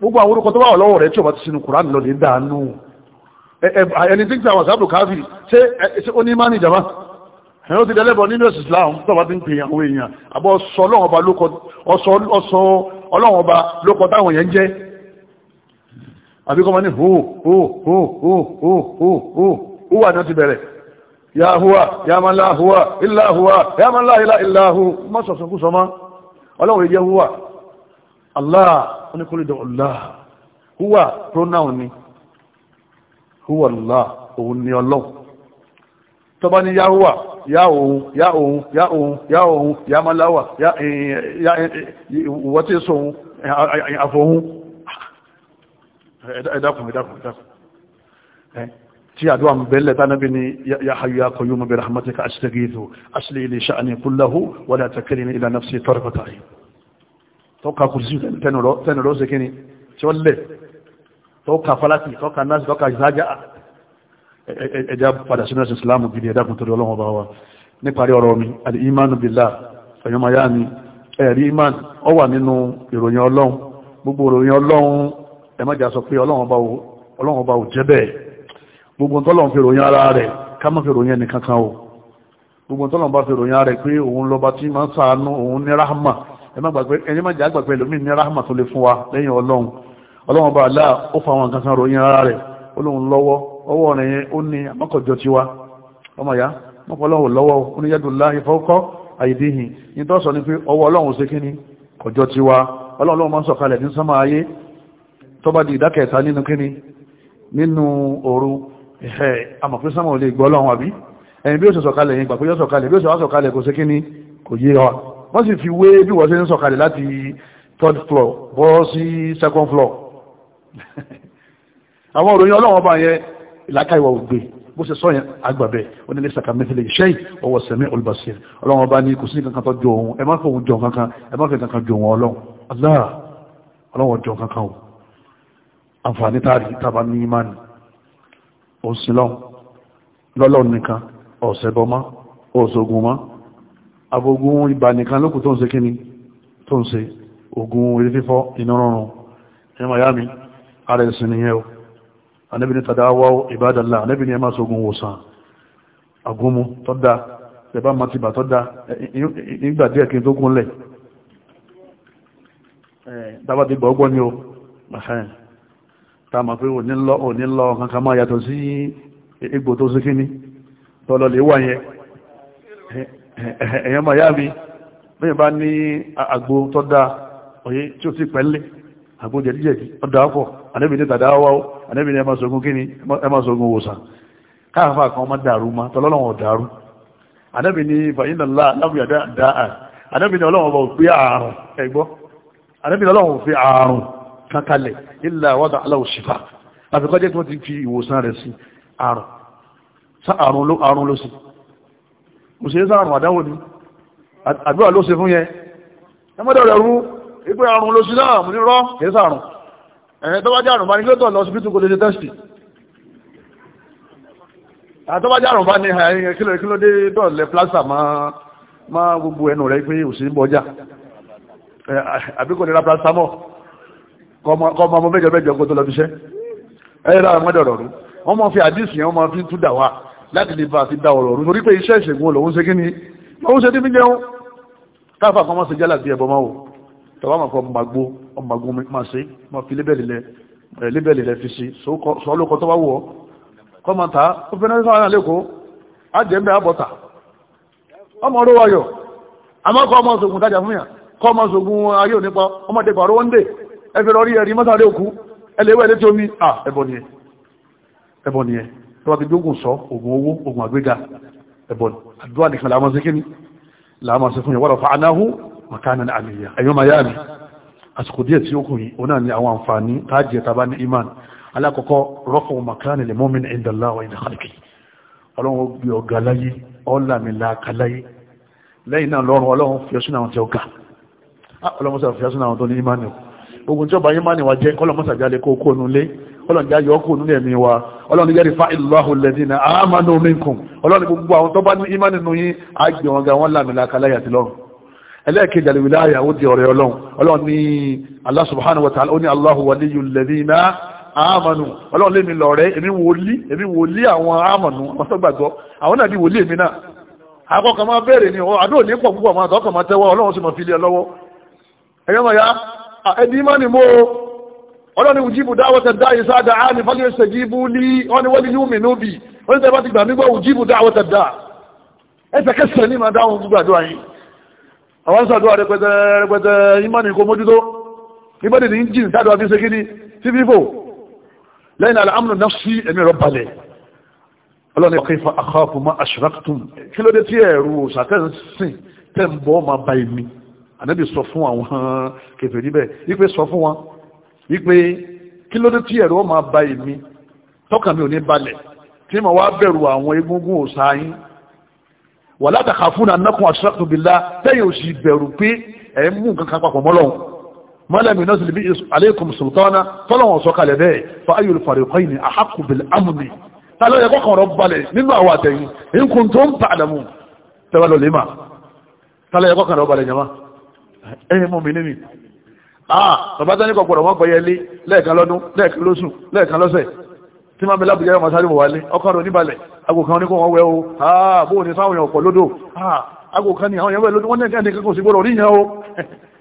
gbogbo àwọn orúkọ tó wà lọ́wọ́ rẹ̀ tí ọba ti sinú kùránì lọ lè dànù ẹni tí ń tàwọn sábò káfí ṣé ó ní má ní ìjàmá ẹni ó ti dẹ́lẹ́bọ̀ nínú ẹ̀sìn Islam tó bá ti ń pè àwọn èèyàn àbọ̀ ọ̀sọ̀ ọlọ́wọ́n ọba lókọ táwọn yẹn jẹ́ àbí kọ́ ma ní hó hó hó hó hó hó hó húwà náà ti Allah oníkúrídọ̀ Allah huwa pronoun ni huwa Allah òun ni ọlọ́run tó bá ní yahuwa ya òun ya òun ya òun ya òun ya malawa ya ìwọ́tí sóhun àfòhun ẹ̀dàkùn ẹ̀dàkùn ẹ̀dàkùn tí àdúwà bẹ̀lẹ̀ tánàbí ni ya hayu ya qayyum bi rahmatika astaghithu asli li sha'ni kullahu wa la takilni ila nafsi tarfata ayun tọ́ka kùsù tẹ́nu lọ sí ni tí ó lẹ̀ tọ́ka falati tọ́ka nasi tọ́ka ìsájá ẹja padà sínú ẹ̀sìn islamu gidi ẹ̀dá kùn torí ọlọ́wọ́ bá wa níparí ọ̀rọ̀ mi al'imanu billah fẹ̀yọmayá ni ẹ̀rí iman ọ wà nínú ìròyìn ọlọ́run gbogbo ìròyìn ọlọ́run ẹ má jà sọ pé ọlọ́run bá ò jẹ́ bẹ́ẹ̀ gbogbo tọ́lọ́run fi ròyìn ara rẹ̀ ká má fi ròyìn ẹnìkankan o gbogbo tọ́lọ́run bá fi ròyìn ara rẹ̀ pé òun lọ́ba tí máa ń ṣàánú òun ní rahma ẹni má jà gbàgbé lómi ní rahama tó lè fún wa lẹ́yìn ọlọ́run ọlọ́run bá aláà ó fa àwọn kankan ròyìn ara rẹ̀ olóhun lọ́wọ́ ọwọ́ rẹ̀ yẹn ó ní amọ́kọ̀jọ tiwa ọmọ ya mọ́pọ̀lọ́wọ́ lọ́wọ́ ó ní yẹ́dùn láì fọ́kọ́ àìdíhìn ní tọ́sọ ní pé ọwọ́ ọlọ́run ṣe kí ni kọjọ tiwa ọlọ́run máa ń sọ̀kalẹ̀ ní sánmà ayé tó bá di ìdákẹta nínú kí ni nínú òru ẹ̀yìn bí ó sọ̀kalẹ̀ yẹn gbà sọ̀kalẹ̀ bí ó sọ̀kalẹ̀ kò ṣe kí ni kò yé wọ́n sì fi wé bí wọ́n ṣe ń sọ̀kalẹ̀ láti third floor bọ́ sí second floor àwọn òròyìn ọlọ́wọ́n bá yẹn ìlàkà ìwà ògbé bó ṣe sọ yẹn agbàbẹ̀ ó ní lẹ́sàkà mẹ́tẹ̀lẹ̀ iṣẹ́ ọwọ́ sẹ̀mí olùbàṣẹ́ ọlọ́wọ́n bá ní kò sí kankan tó jọ òun ẹ má fòun jọ kankan ẹ má fẹ́ kankan jọ òun ọlọ́run aláà ọlọ́wọ́n jọ kankan o àǹfààní táàrí tábà ní imáni òsìlọ́n lọ́lọ́run nìkan ọ̀sẹ̀bọ́mọ́ ọ̀sọ̀gùnmọ́ abogun ibà nìkan lókù tó ń ṣe kíni tó ń ṣe ogun orí fífọ́ iná rọrùn ní miami ara ẹ̀sìn nìyẹn o anábìnrin tàdáwà ìbádàlá anábìnrin ẹ máa ṣogun wòsàn agúnmu tó dá ẹ̀bá matibà tó dá nígbà díẹ̀ kí n tó gúnlẹ̀ dábàdì gbọ́gbọ́ ni o ta ma pé ẹ̀yàn máa yá mi bẹ́yìn bá ní àgbo tó dáa òye tí ó ti pẹ́lẹ́ àgbo jẹ̀díjẹ̀dí ọ̀dà pọ̀ ànẹ́bì ní tàdá wá ó ànẹ́bì ní ẹ máa sọ̀gùn kíni ẹ máa sọ̀gùn wòsàn káàfà kan máa dàrú ma tọ́lọ́lọ́wọ̀n dàrú ànẹ́bì ní fàyínàlá lábùyà dáa ànẹ́bì ní ọlọ́wọ̀n bá ò pé ààrùn ẹgbọ́ ànẹ́bì ní ọlọ́wọ̀n fi ààrùn kankalẹ̀ ilẹ̀ àwọ́dà aláwòṣìfà àfikọ́jẹ́ tí wọ́n ti fi ìwòsàn rẹ̀ sí ààrùn ló kò sí sáà àdáwò ni àdúrà ló ṣe fún yẹn ẹmọ́dọ̀ rẹ̀ rú ipé àrùn ló sí náà mú ní rọ́ kìí sàrùn ẹ̀rẹ́ tó bá jẹ́ àrùn bá ní lóòtọ̀ lọ sí bítù kò lè ṣe tẹ́sì àtọ́ bá jẹ́ àrùn bá ní ẹ̀yìn kílò kílò dé dọ̀lẹ̀ plásà má gbogbo ẹnu rẹ̀ pé òsì ń bọjá àbí kò nira plásà mọ́ kọ́ ọmọ mẹ́jọ mẹ́jọ kó tó lọ fiṣẹ́ ẹ̀rẹ́ àwọn ọmọdọ̀ rú wọ́n mọ̀ fi àdísì láti lè bá àti dá ọ̀rọ̀ rú torí pé iṣẹ́ ìṣègùn olóhun ṣe kí ni òun ṣe dídí jẹun káfà kan máa ṣe jálà bí ẹbọ máa wò tọwọ́ máa fọ magbó ọmọgbó máa ṣe máa fi lébẹ̀lì rẹ̀ fi sí sọ́ọ́lọ́kọ tó bá wù ọ́ kọ́ máa ta ó fẹ́ náà sára lẹ́kọ̀ọ́ á jẹ́ ń bẹ́ àbọ̀tà ọmọ oró wayọ̀ àmọ́ kọ́ ọmọ ṣògùn tájà fún yàn kọ́ ọmọ ṣògùn ayé ònípa ọmọdé pàrọ̀ wọ́ndé ẹ fi rọrí ẹ̀rí mọ́sàrẹ́ òkú ẹlẹ́wẹ̀ẹ́lẹ́ tí omi à ẹbọ nìyẹn ẹbọ nìyẹn tọ́wọ́ ti dógùn sọ ogun owó ogun àgbéga ẹ̀bọ̀n àdúrà nìkan làwọn ṣe kíni làwọn ṣe fún yẹn wọ́n fa anáhù makanan aliyya ẹ̀yọ́ maya mi àsìkò díẹ̀ tí ó kù yìí ó náà ní àwọn àǹfààní táàjì ẹ̀ta bá ní iman alákọ̀ọ́kọ́ rọ́fọ̀ makanan lè mọ́min indala wa inda khalqi ọlọ́run gbé ọ̀gá láyé ọ̀làmìlà kaláyé ah, ní iman ogun ọlọ́run já yọ kùnú ẹ̀mí wa ọlọ́run yẹ́rì fa ìlọ́hù lẹ́dínà àmánú minkum ọlọ́run gbogbo àwọn tó bá ní ìmánì nínú yín àgbẹ̀ wọn ga wọn lámìlá kaláyà ti lọ́run ẹlẹ́ẹ̀kejì àlèwìláyà ó di ọ̀rẹ́ ọlọ́run ọlọ́run ní Allah subhanahu wa ta'ala ó ní Allahu waliyyul ladina àmánú ọlọ́run lémi lọ́rẹ́ èmi wòlí èmi wòlí àwọn àmánú àwọn tó gbàgbọ́ àwọn náà ní wòlí èmi náà akọ́kọ́ máa bẹ̀rẹ̀ ni àdó ní pọ̀ púpọ̀ máa tọ́kọ̀ máa tẹ́wọ́ ọlọ́run sì máa fi lé ọ lọ́wọ́ ẹ̀yọ́ máa ya ẹni ìmánì mọ́ ọlọ́ni ùjíbù dáwọ́tẹ̀ dá ìsá dá á ní fálẹ́ ṣẹ̀jíbù ní wọ́n ni wọ́n ni yóò mìíràn bí wọ́n tẹ́ bá ti gbà nígbà ùjíbù dáwọ́tẹ̀ dá ẹsẹ̀ kẹsẹ̀ ní ma dáhùn gbogbo àdúrà yìí àwọn sàdúrà rẹpẹtẹ rẹpẹtẹ ìmánì kò mójútó ìmánì ní jìn sàdúrà fi ṣe kí ni tí fífò lẹ́yìn àlẹ́ amúnà náà sí ẹ̀mí rọ balẹ̀ wípé kí ló dé tí ẹ̀rọ máa ba èmi tọ́kàn mi ò ní balẹ̀ tí mo wá bẹ̀rù àwọn egungun òòṣà yín wà látàkà fún anákùn àṣíràtòbílá tẹ́yìn òsì bẹ̀rù pé ẹ̀ ń mú nǹkan kan papọ̀ mọ́lọ́hun mọ́lẹ́mì náà sì lè bí aleikum sultana tọ́lọ́wọ̀n sọ́kalẹ̀ bẹ́ẹ̀ fa ayul fariqayni ahaqqu bil amni tálọ́ yẹ kọ́kàn rọ balẹ̀ nínú àwọn àtẹ̀yìn in kuntum ta'lamun tẹ́wàá lọ lè mà tálọ́ yẹ kọ́kàn rọ balẹ̀ ẹ̀yẹ mọ́ mi nínú Ah, bàbá tán ní kọ̀pọ̀rọ̀ wọ́n pẹ̀yẹ lé lẹ́ẹ̀kan lọ́dún lẹ́ẹ̀kan lóṣù lẹ́ẹ̀kan lọ́sẹ̀ tí máa bẹ̀lá bùjẹ́ ọmọ sáré wà lé ọkọ̀ rẹ̀ níbalẹ̀ agokan ní kò wọ́n wẹ́ o ah, bóò ní fáwọn èèyàn ọ̀pọ̀ lódò ah, agokan ní àwọn èèyàn wẹ́ lódò wọ́n nẹ́ẹ̀kan ní kankan sí gbọ́dọ̀ rí yẹn o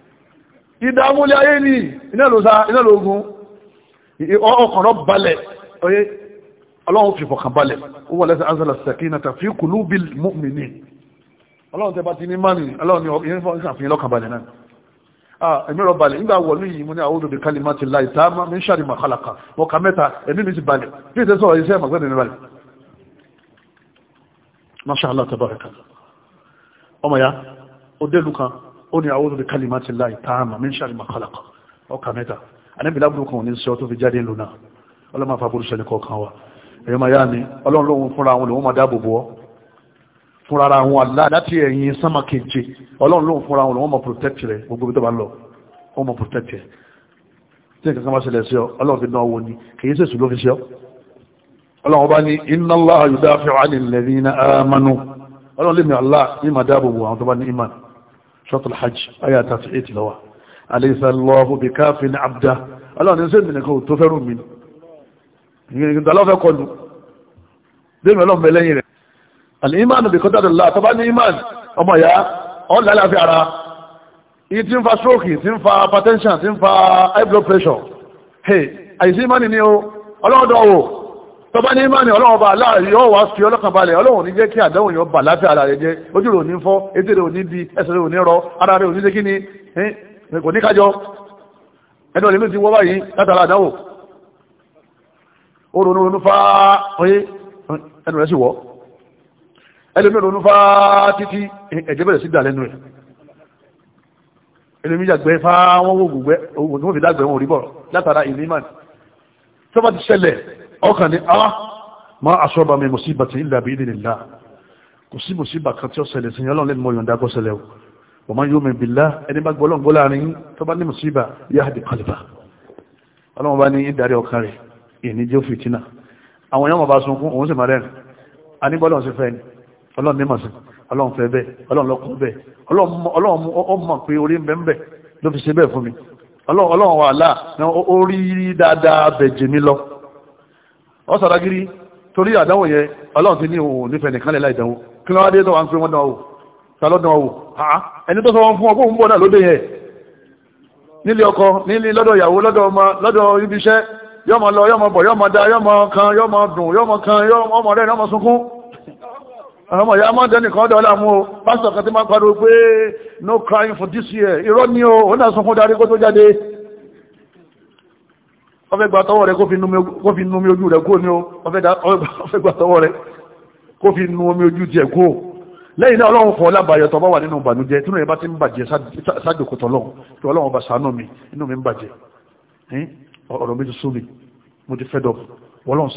ìdààmúlé ayé ni iná ló sa iná ló gun ọkàn rọ balẹ̀ oyé ọlọ́run fi fọkàn balẹ̀ ó wà lẹ́sẹ̀ anzala sakinata fi qulubil mu'minin ọlọ́run tẹ́ bá ti ní mánì ọlọ́run ni ìyẹn fọ́n ìsàfihàn lọ́kàn balẹ̀ náà Ah, ẹ̀mí rọ balẹ̀ nígbà wọ̀lú yìí mo ní àwọn olùdókè kalima ti la ìta máa mi ń ṣàrí ma kàlàkà wọ́n ka mẹ́ta ẹ̀mí mi ti balẹ̀ bí ìṣe sọ̀rọ̀ iṣẹ́ àmàgbẹ́ mi balẹ̀. masha allah tabaraka ọmọ ya ó dé lukan ó ní àwọn olùdókè kalima ti la ìta máa mi ń ṣàrí ma kàlàkà wọ́n ka mẹ́ta anábìlá burúkú ní sọ tó fi jáde lónà ọlọ́mọ afábúrúṣẹ́ ní kọ̀ọ̀kan wa ẹ̀yọ́ fúnra ara wọn àlá láti ẹ̀yìn sánmà keje ọlọ́run lóun fúnra wọn lọ́wọ́ mọ̀ protect rẹ̀ gbogbo tó bá lọ wọ́n mọ̀ protect rẹ̀ tí nǹkan sánmà ṣẹlẹ̀ sí ọ ọlọ́run fi náà wo ni kìí sèṣù ló fi ṣe ọ. ọlọ́run bá ní inna Allaha yudafi'u 'ani alladhina amanu ọlọ́run lè mi àlá ní màá dáàbò alìmánu bí kọ́tà lọ́la tó bá ní imánu ọmọ ìyá ọ̀n lálàáfíà ara iye tí ń fa stroke tí ń fa hypertension tí ń fa high blood pressure hey àìsí imánu ni o ọlọ́dọ̀ o tó bá ní imánu ọlọ́wọ́ bá aláàrí yóò wá sí ọlọ́kàn balẹ̀ ọlọ́wọ́ ní jẹ́ kí àdánwò yóò bà láfíà ara rẹ̀ jẹ́ ojú rẹ̀ ò ní fọ́ etí rẹ̀ ò ní di ẹsẹ̀ rẹ̀ ò ní rọ ara rẹ̀ ò ní ṣe kí ni kò ní kájọ ẹni ọ̀lẹ́mí ti báyìí látara àdánwò ó ronú ronú ẹnu rẹ̀ sì wọ́ ẹlẹ́mí ronú fá títí ẹ̀jẹ̀ bẹ̀rẹ̀ sí dà lẹ́nu ẹ̀ ẹlẹ́mí yàgbẹ́ fá wọ́n wò gbùgbẹ́ òun tó fi dàgbẹ́ wọn rí bọ̀ látara ìlímàn tó bá ti ṣẹlẹ̀ ọkàn ni a ah, ma asọ́ba mi mùsíbà ti illa bi idhnillah kò sí mùsíbà kan tí ó ṣẹlẹ̀ sí ọlọ́run lẹ́nu mọ́ yọ̀ǹda kó ṣẹlẹ̀ o wọ́n máa yóò mi bìlá ẹni bá gbọ́ àwọn yọ́mọ̀ bá sunkún òun sì máa rẹ̀ a ní bọ́lọ̀ sí fẹ́ ni ọlọ́run ní màsí ọlọ́run fẹ́ bẹ́ẹ̀ ọlọ́run lọ́kùn bẹ́ẹ̀ ọlọ́run ọmọ pé orí ń bẹ́ ń ló fi ṣe bẹ́ẹ̀ fún mi ọlọ́run wà láà ní orí dáadáa bẹ̀jẹ̀ mi lọ ọ sàdágírí torí àdánwò yẹn ọlọ́run ti ní òun nífẹ̀ẹ́ nìkan kí ló wá dé ń pè wọ́n wò ta wò ha ẹni tó ọkọ nílé lọ́dọ̀ kan yọmọ dùn ọmọ ìyá mọ́dé nìkan dọ́là mú o pásítọ̀ kan tí máa pariwo pé no crying for this year irọ́ ni o ó náà sọ fún darí kó tó jáde ọfẹ́ gba tọwọ́ rẹ kó fi nu omi ojú rẹ kó ni o ọfẹ́ gba tọwọ́ rẹ kó fi nu omi ojú tiẹ̀ kó lẹ́yìn náà ọlọ́run fọ́ lábàáyọ tó bá wà nínú ìbànújẹ́ tínú ẹ̀ bá ti ń bàjẹ́ sájòkó ọlọ́run ọlọ́run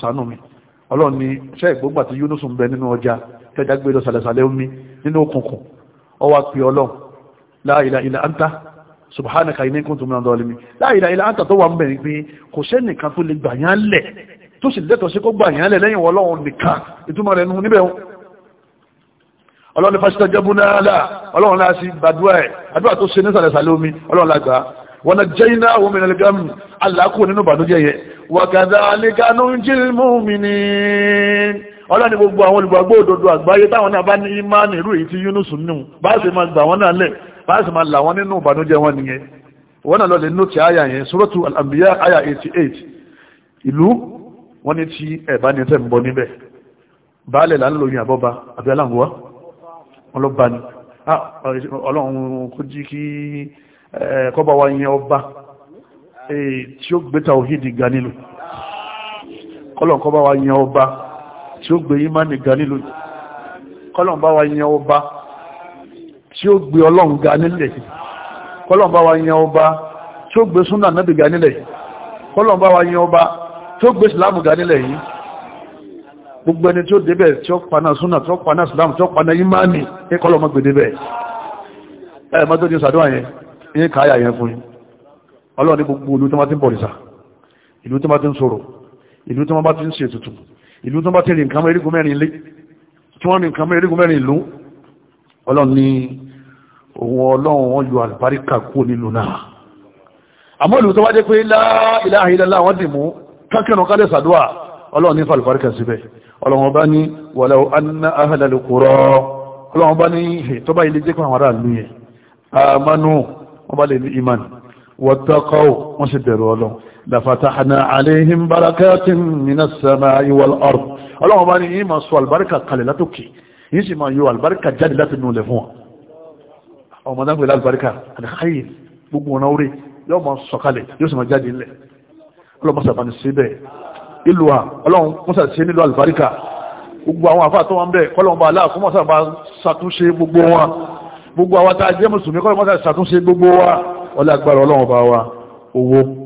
ṣàánú ni ṣẹ́ ìgbógbà tí Yunus ń bẹ nínú ọjà tẹ́jà gbé lọ sàlẹ̀sàlẹ̀ omi nínú òkùnkùn ọwà pè ọlọ́run la ilaha illa anta subhanaka inni kuntu minadh dhalimin la ilaha illa anta tó wà ń bẹ̀rẹ̀ pé kò sẹ́nìkan tó lè gbàyàn lẹ̀ tó sì lẹ́tọ̀ sí kó gbàyàn lẹ́yìn ọlọ́run nìkan ìtumọ̀ rẹ̀ nù níbẹ̀ ọlọ́run fásitì nínú bàdújẹ́ yẹ wa kadhalika nunjil mu'minin ọlọ́ni gbogbo àwọn olùgbàgbọ́ òdodo àgbáyé táwọn náà bá ní ìmáànì irú èyí tí Yunus nù bá sì máa gbà wọ́n náà lẹ̀ bá sì máa là wọ́n nínú ìbànújẹ́ wọn nìyẹn wọ́n náà lọ́lẹ̀ nóòtì àyà yẹn Suratu Al-Anbiya àyà 88 ìlú wọ́n ní tí ẹ̀bá ní tẹ́ ń bọ níbẹ̀ baálẹ̀ là ń lòyìn àbọ́ba àbí aláǹgọ́wá ọlọ́ba ni ọlọ́run kó jí kí kọ́ba wa yẹn ọba tí ó gbé ìmánì ga nílùú kọ́lọ̀n bá wa yan ọba tí ó gbé ọlọ́run ga nílẹ̀ kọ́lọ̀n bá wa yan ọba tí ó gbé súnà náà ga nílẹ̀ kọ́lọ̀n bá wa yan ọba tí ó gbé ìsìlámù ga nílẹ̀ yìí gbogbo ẹni tí ó débẹ̀ tí ó paná súnà tí ó paná ìsìlámù tí ó paná ìmánì ní kọ́lọ̀ mọ́ gbèdébẹ̀ ìlú tó bá tẹ̀lé nǹkan mọ́ erigun mẹ́rin lé tí wọ́n ní nǹkan mọ́ erigun mẹ́rin ìlú ọlọ́run ní òun ọlọ́run wọn yọ àlùbáríkà kú nínú náà àmọ́ ìlú tó bá jẹ́ pé la ilaha illallah wọ́n dì mú kákẹ́rùn kálẹ̀ sàdúà ọlọ́run ní fàlùbáríkà síbẹ̀ ọlọ́run bá ní walau anna lafatahna alayhim barakatin minas samai wal ard ọlọ́wọ́n bá ní yí máa sọ albarka kalẹ̀ látòkè yí sì máa yọ albarka jáde láti nù lẹ̀ fún wa ọmọ náà pẹ̀lú albarka àdìkáyè gbogbo ọ̀nà orí yóò máa sọ kalẹ̀ yóò sì máa jáde ńlẹ̀ ọlọ́wọ́n sábà ní sí bẹ́ẹ̀ ìlú wa ọlọ́wọ́n mọ́sà sí nílò albarka gbogbo àwọn àfáà tó wọ́n bẹ̀ kọ́lọ́wọ́n bá aláàkó mọ́sà bá ṣàtúnṣe gbogbo wọn gbogbo àwọn tá a jẹ́ mùsùlùmí kọ́lọ́wọ́n mọ́sà ṣàtúnṣe gbogbo wa ọlọ́ agbára ọlọ́wọ́n bá wa owó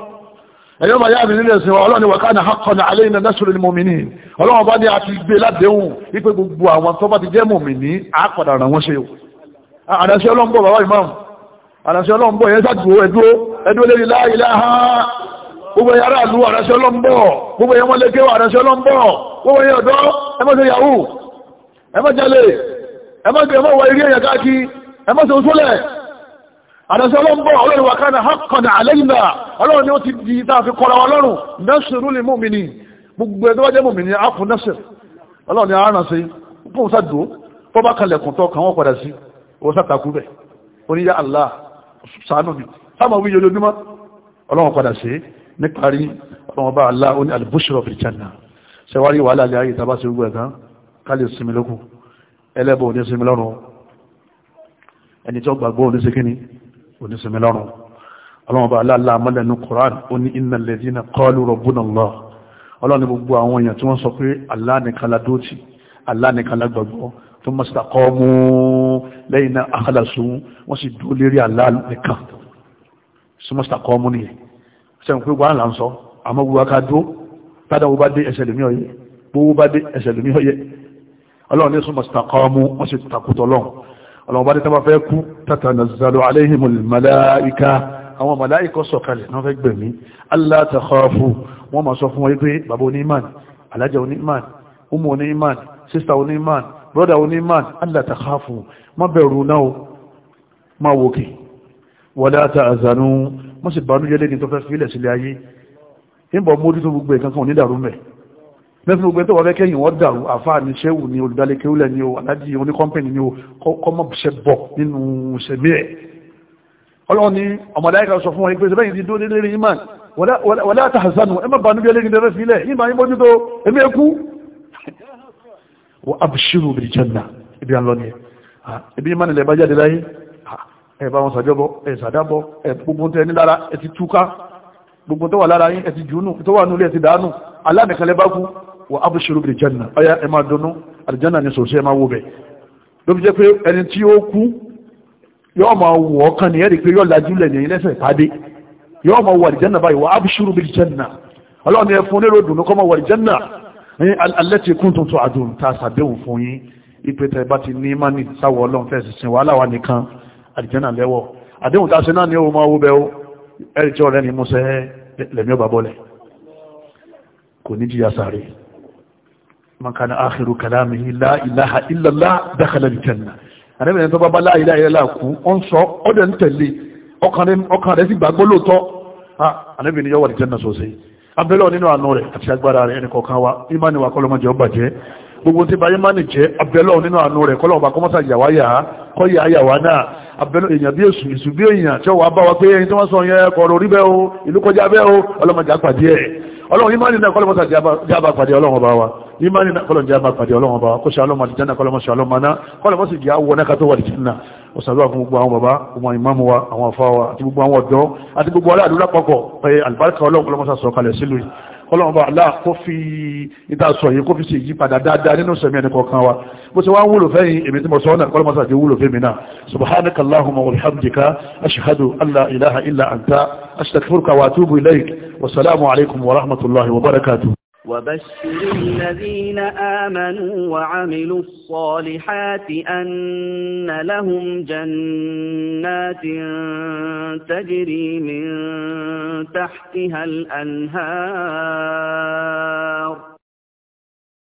ẹ̀yọ́ bá yára nílẹ̀ sí wọn ọlọ́ni wàkánà hakọ̀nà alayna nasrul mu'minin ọlọ́wọ́n bá ní a ti gbé ládéhùn wípé gbogbo àwọn tó bá ti jẹ́ mòmìnì àápàdà ràn wọ́n ṣe o àdàṣẹ ọlọ́mbọ̀ bàbá imam àdàṣẹ ọlọ́mbọ̀ yẹn sàdùwò ẹdúró ẹdúró lórí la ilaha gbogbo yàrá àlú àdàṣẹ ọlọ́mbọ̀ gbogbo yẹn wọ́n lé kéwà àdàṣẹ ọlọ́mbọ̀ gbogbo yẹn ọ̀dọ́ àdásí ọlọ́mbọ̀ ọlọ́run wà kánà haqqan alayna ọlọ́run ni ó ti di ìtàfi kọ́ra ọlọ́run nẹ́sìrú lè mú mi ní gbogbo ẹ̀dọ́ wájẹ́ mú mi ní àfún nẹ́sìr ọlọ́run ni àárán sí fún sàdó tó bá Allah sànù mi sáàmà wíyọ lójúmọ́ ọlọ́run padà sí níparí Allah ó ní al-bushra fil jannah sẹwárí wàhálà ilé ayé tàbá sí gbogbo ẹ̀kan ká lè sinmi lókun ẹlẹ́bọ̀ ẹni tí ó gbàgbọ́ ò ní sí kíni oníṣẹ́mi lọ́rùn ọlọ́run bá aláàlá amọ́lẹ́nu Qur'an ó ní innal ladhina qalu rabbuna Allah ọlọ́run gbogbo àwọn èèyàn tí wọ́n sọ pé Allah nìkan la dúró tì Allah nìkan la gbàgbọ́ thumma istaqamu lẹ́yìn náà akhlasu wọ́n sì dúró lérí Allah nìkan thumma istaqamu nìyẹn sẹ́yìn pé wàhálà ń sọ àmọ́ gbogbo aká dúró tádàwó bá dé ẹsẹ̀ lómi ọ̀yẹ́ gbogbo bá dé ẹsẹ̀ lómi ọ̀yẹ́ ọlọ́run ní thumma istaqamu wọ́n sì takùtọ̀ lọ́run ọlọ́wọ́ bá dé tán bá fẹ́ kú tatanazzalu alayhimul malaika àwọn màláìkọ́ sọ̀kalẹ̀ náà fẹ́ gbẹ̀mí Allah takhafu wọ́n ma sọ fún wọn pé bàbá onímàn alájà onímàn umu onímàn sista onímàn broda onímàn Allah takhafu má bẹ̀rù náà má wòkè wala ta'zanu mọ́ sì tó fẹ́ fílẹ̀ sílẹ̀ ayé lẹ́fẹ́ gbogbo tó wà bẹ́ kẹ́yìn wọ́n dàrú àfáà ní ṣẹ́wù ní olùdálékéúlẹ̀ ní o alájí oníkọ́mpẹ̀nì ní o kọ́mọ̀ṣẹ́ bọ̀ nínú ṣẹ̀mí ẹ̀ ọlọ́run ni ọmọdáyíká sọ fún wọn pé sẹ́bẹ̀yìn ti dóní lérí imán wọlé àtàhàzánù ẹ má bá níbi ẹlẹ́gìn dẹ́rẹ́ sílẹ̀ ìmọ̀ ayé mójútó ẹmí ẹkú wọ́n abṣírù bil janna ibi à ni ibi imán ilẹ̀ bá jáde láyé ẹ bá wọn sàjọbọ ẹ sàdábọ ẹ gbogbo tó wà lára yín ẹ ti jùúnù tó wà nílé ẹ ti dànù alámìkalẹ wa abushiru bil janna ọya ẹ máa dunnú aljanna ni sòsí ẹ máa wò bẹ̀ ló fi jẹ́ pé ẹni tí ó kú yóò máa wọ̀ ọkàn ni ẹ̀rí pé yóò lajú lẹ̀ yẹn lẹ́sẹ̀ pàdé yóò máa wọ aljanna báyìí wa abushiru bil janna ọlọ́run ni ẹ fún lérò dùnú kọ́ máa wọ aljanna ní allati kuntum tu'adun ta sàdéhùn fún yín ipe tẹ bá ti ní mánì sáwọ ọlọ́run fẹ́ sísin wàhálà wa nìkan aljanna lẹ́wọ̀ àdéhùn tá a ṣe náà ni ó máa wó bẹ́ ó ẹ̀rí tí ọ̀rẹ́ ni mo sẹ́ lẹ̀mí ọ̀bà bọ́lẹ̀ kò ní jíyà sáré man كان آخر kalamihi la ilaha illallah dakhala aljanna àrẹ́bì أنا tó bá bá la ilaha illallah kú ó ń sọ ọdẹ ń tẹ̀lé ọkàn rẹ̀ sì gbàgbọ́ lóòótọ́ àrẹ́bì ni yọ wà ní jẹ́nà sọ́sẹ́ abẹ́lọ́ nínú àánú rẹ̀ àti agbára rẹ̀ ẹnì kọ̀ọ̀kan wa ìmánì wa kọ́lọ́mọjẹ́ ọba jẹ́ gbogbo tí báyé máa nì jẹ́ abẹ́lọ́ nínú àánú rẹ̀ kọ́lọ́mọba kọ́mọ́sà yàwá yà á kọ́ yà á yàwá náà abẹ́lọ́ èèyàn bí èsù èsù bí èèyàn tí ó wà bá wa pé ẹni tí wọ́n sọ yẹn kọ̀ọ̀rọ̀ orí bẹ́ẹ̀ o ìlú kọjá bẹ́ẹ̀ o ọlọ́mọjà pàdé ẹ̀ ọlọ́run ìmánì náà kọ́lọ́mọsà jábà pàdé ọlọ́run wa imani na kọlọ̀ jẹ́ bá pàdé ọlọ́wọ́n bá kó ṣe alọ́mọ àdìjánà kọlọ̀ mọ́ṣe alọ́mọ náà kọlọ̀ mọ́sí jẹ́ àwọ̀ náà kátó wà dìjánà ọ̀sàdúrà fún gbogbo àwọn bàbá ọmọ ìmáàmù wa àwọn afá wa àti gbogbo àwọn ọ̀dọ́ àti gbogbo aláàdúrà papọ̀ pé àlùbáríkà ọlọ́run kọlọ̀ mọ́sà sọ̀kalẹ̀ sílùú kọlọ́run bá aláà kó fi ìta sọ yìí kó fi ṣe ìyípadà dáadáa nínú sẹ̀mí ẹni وبشر الذين آمنوا وعملوا الصالحات أن لهم جنات تجري من تحتها الأنهار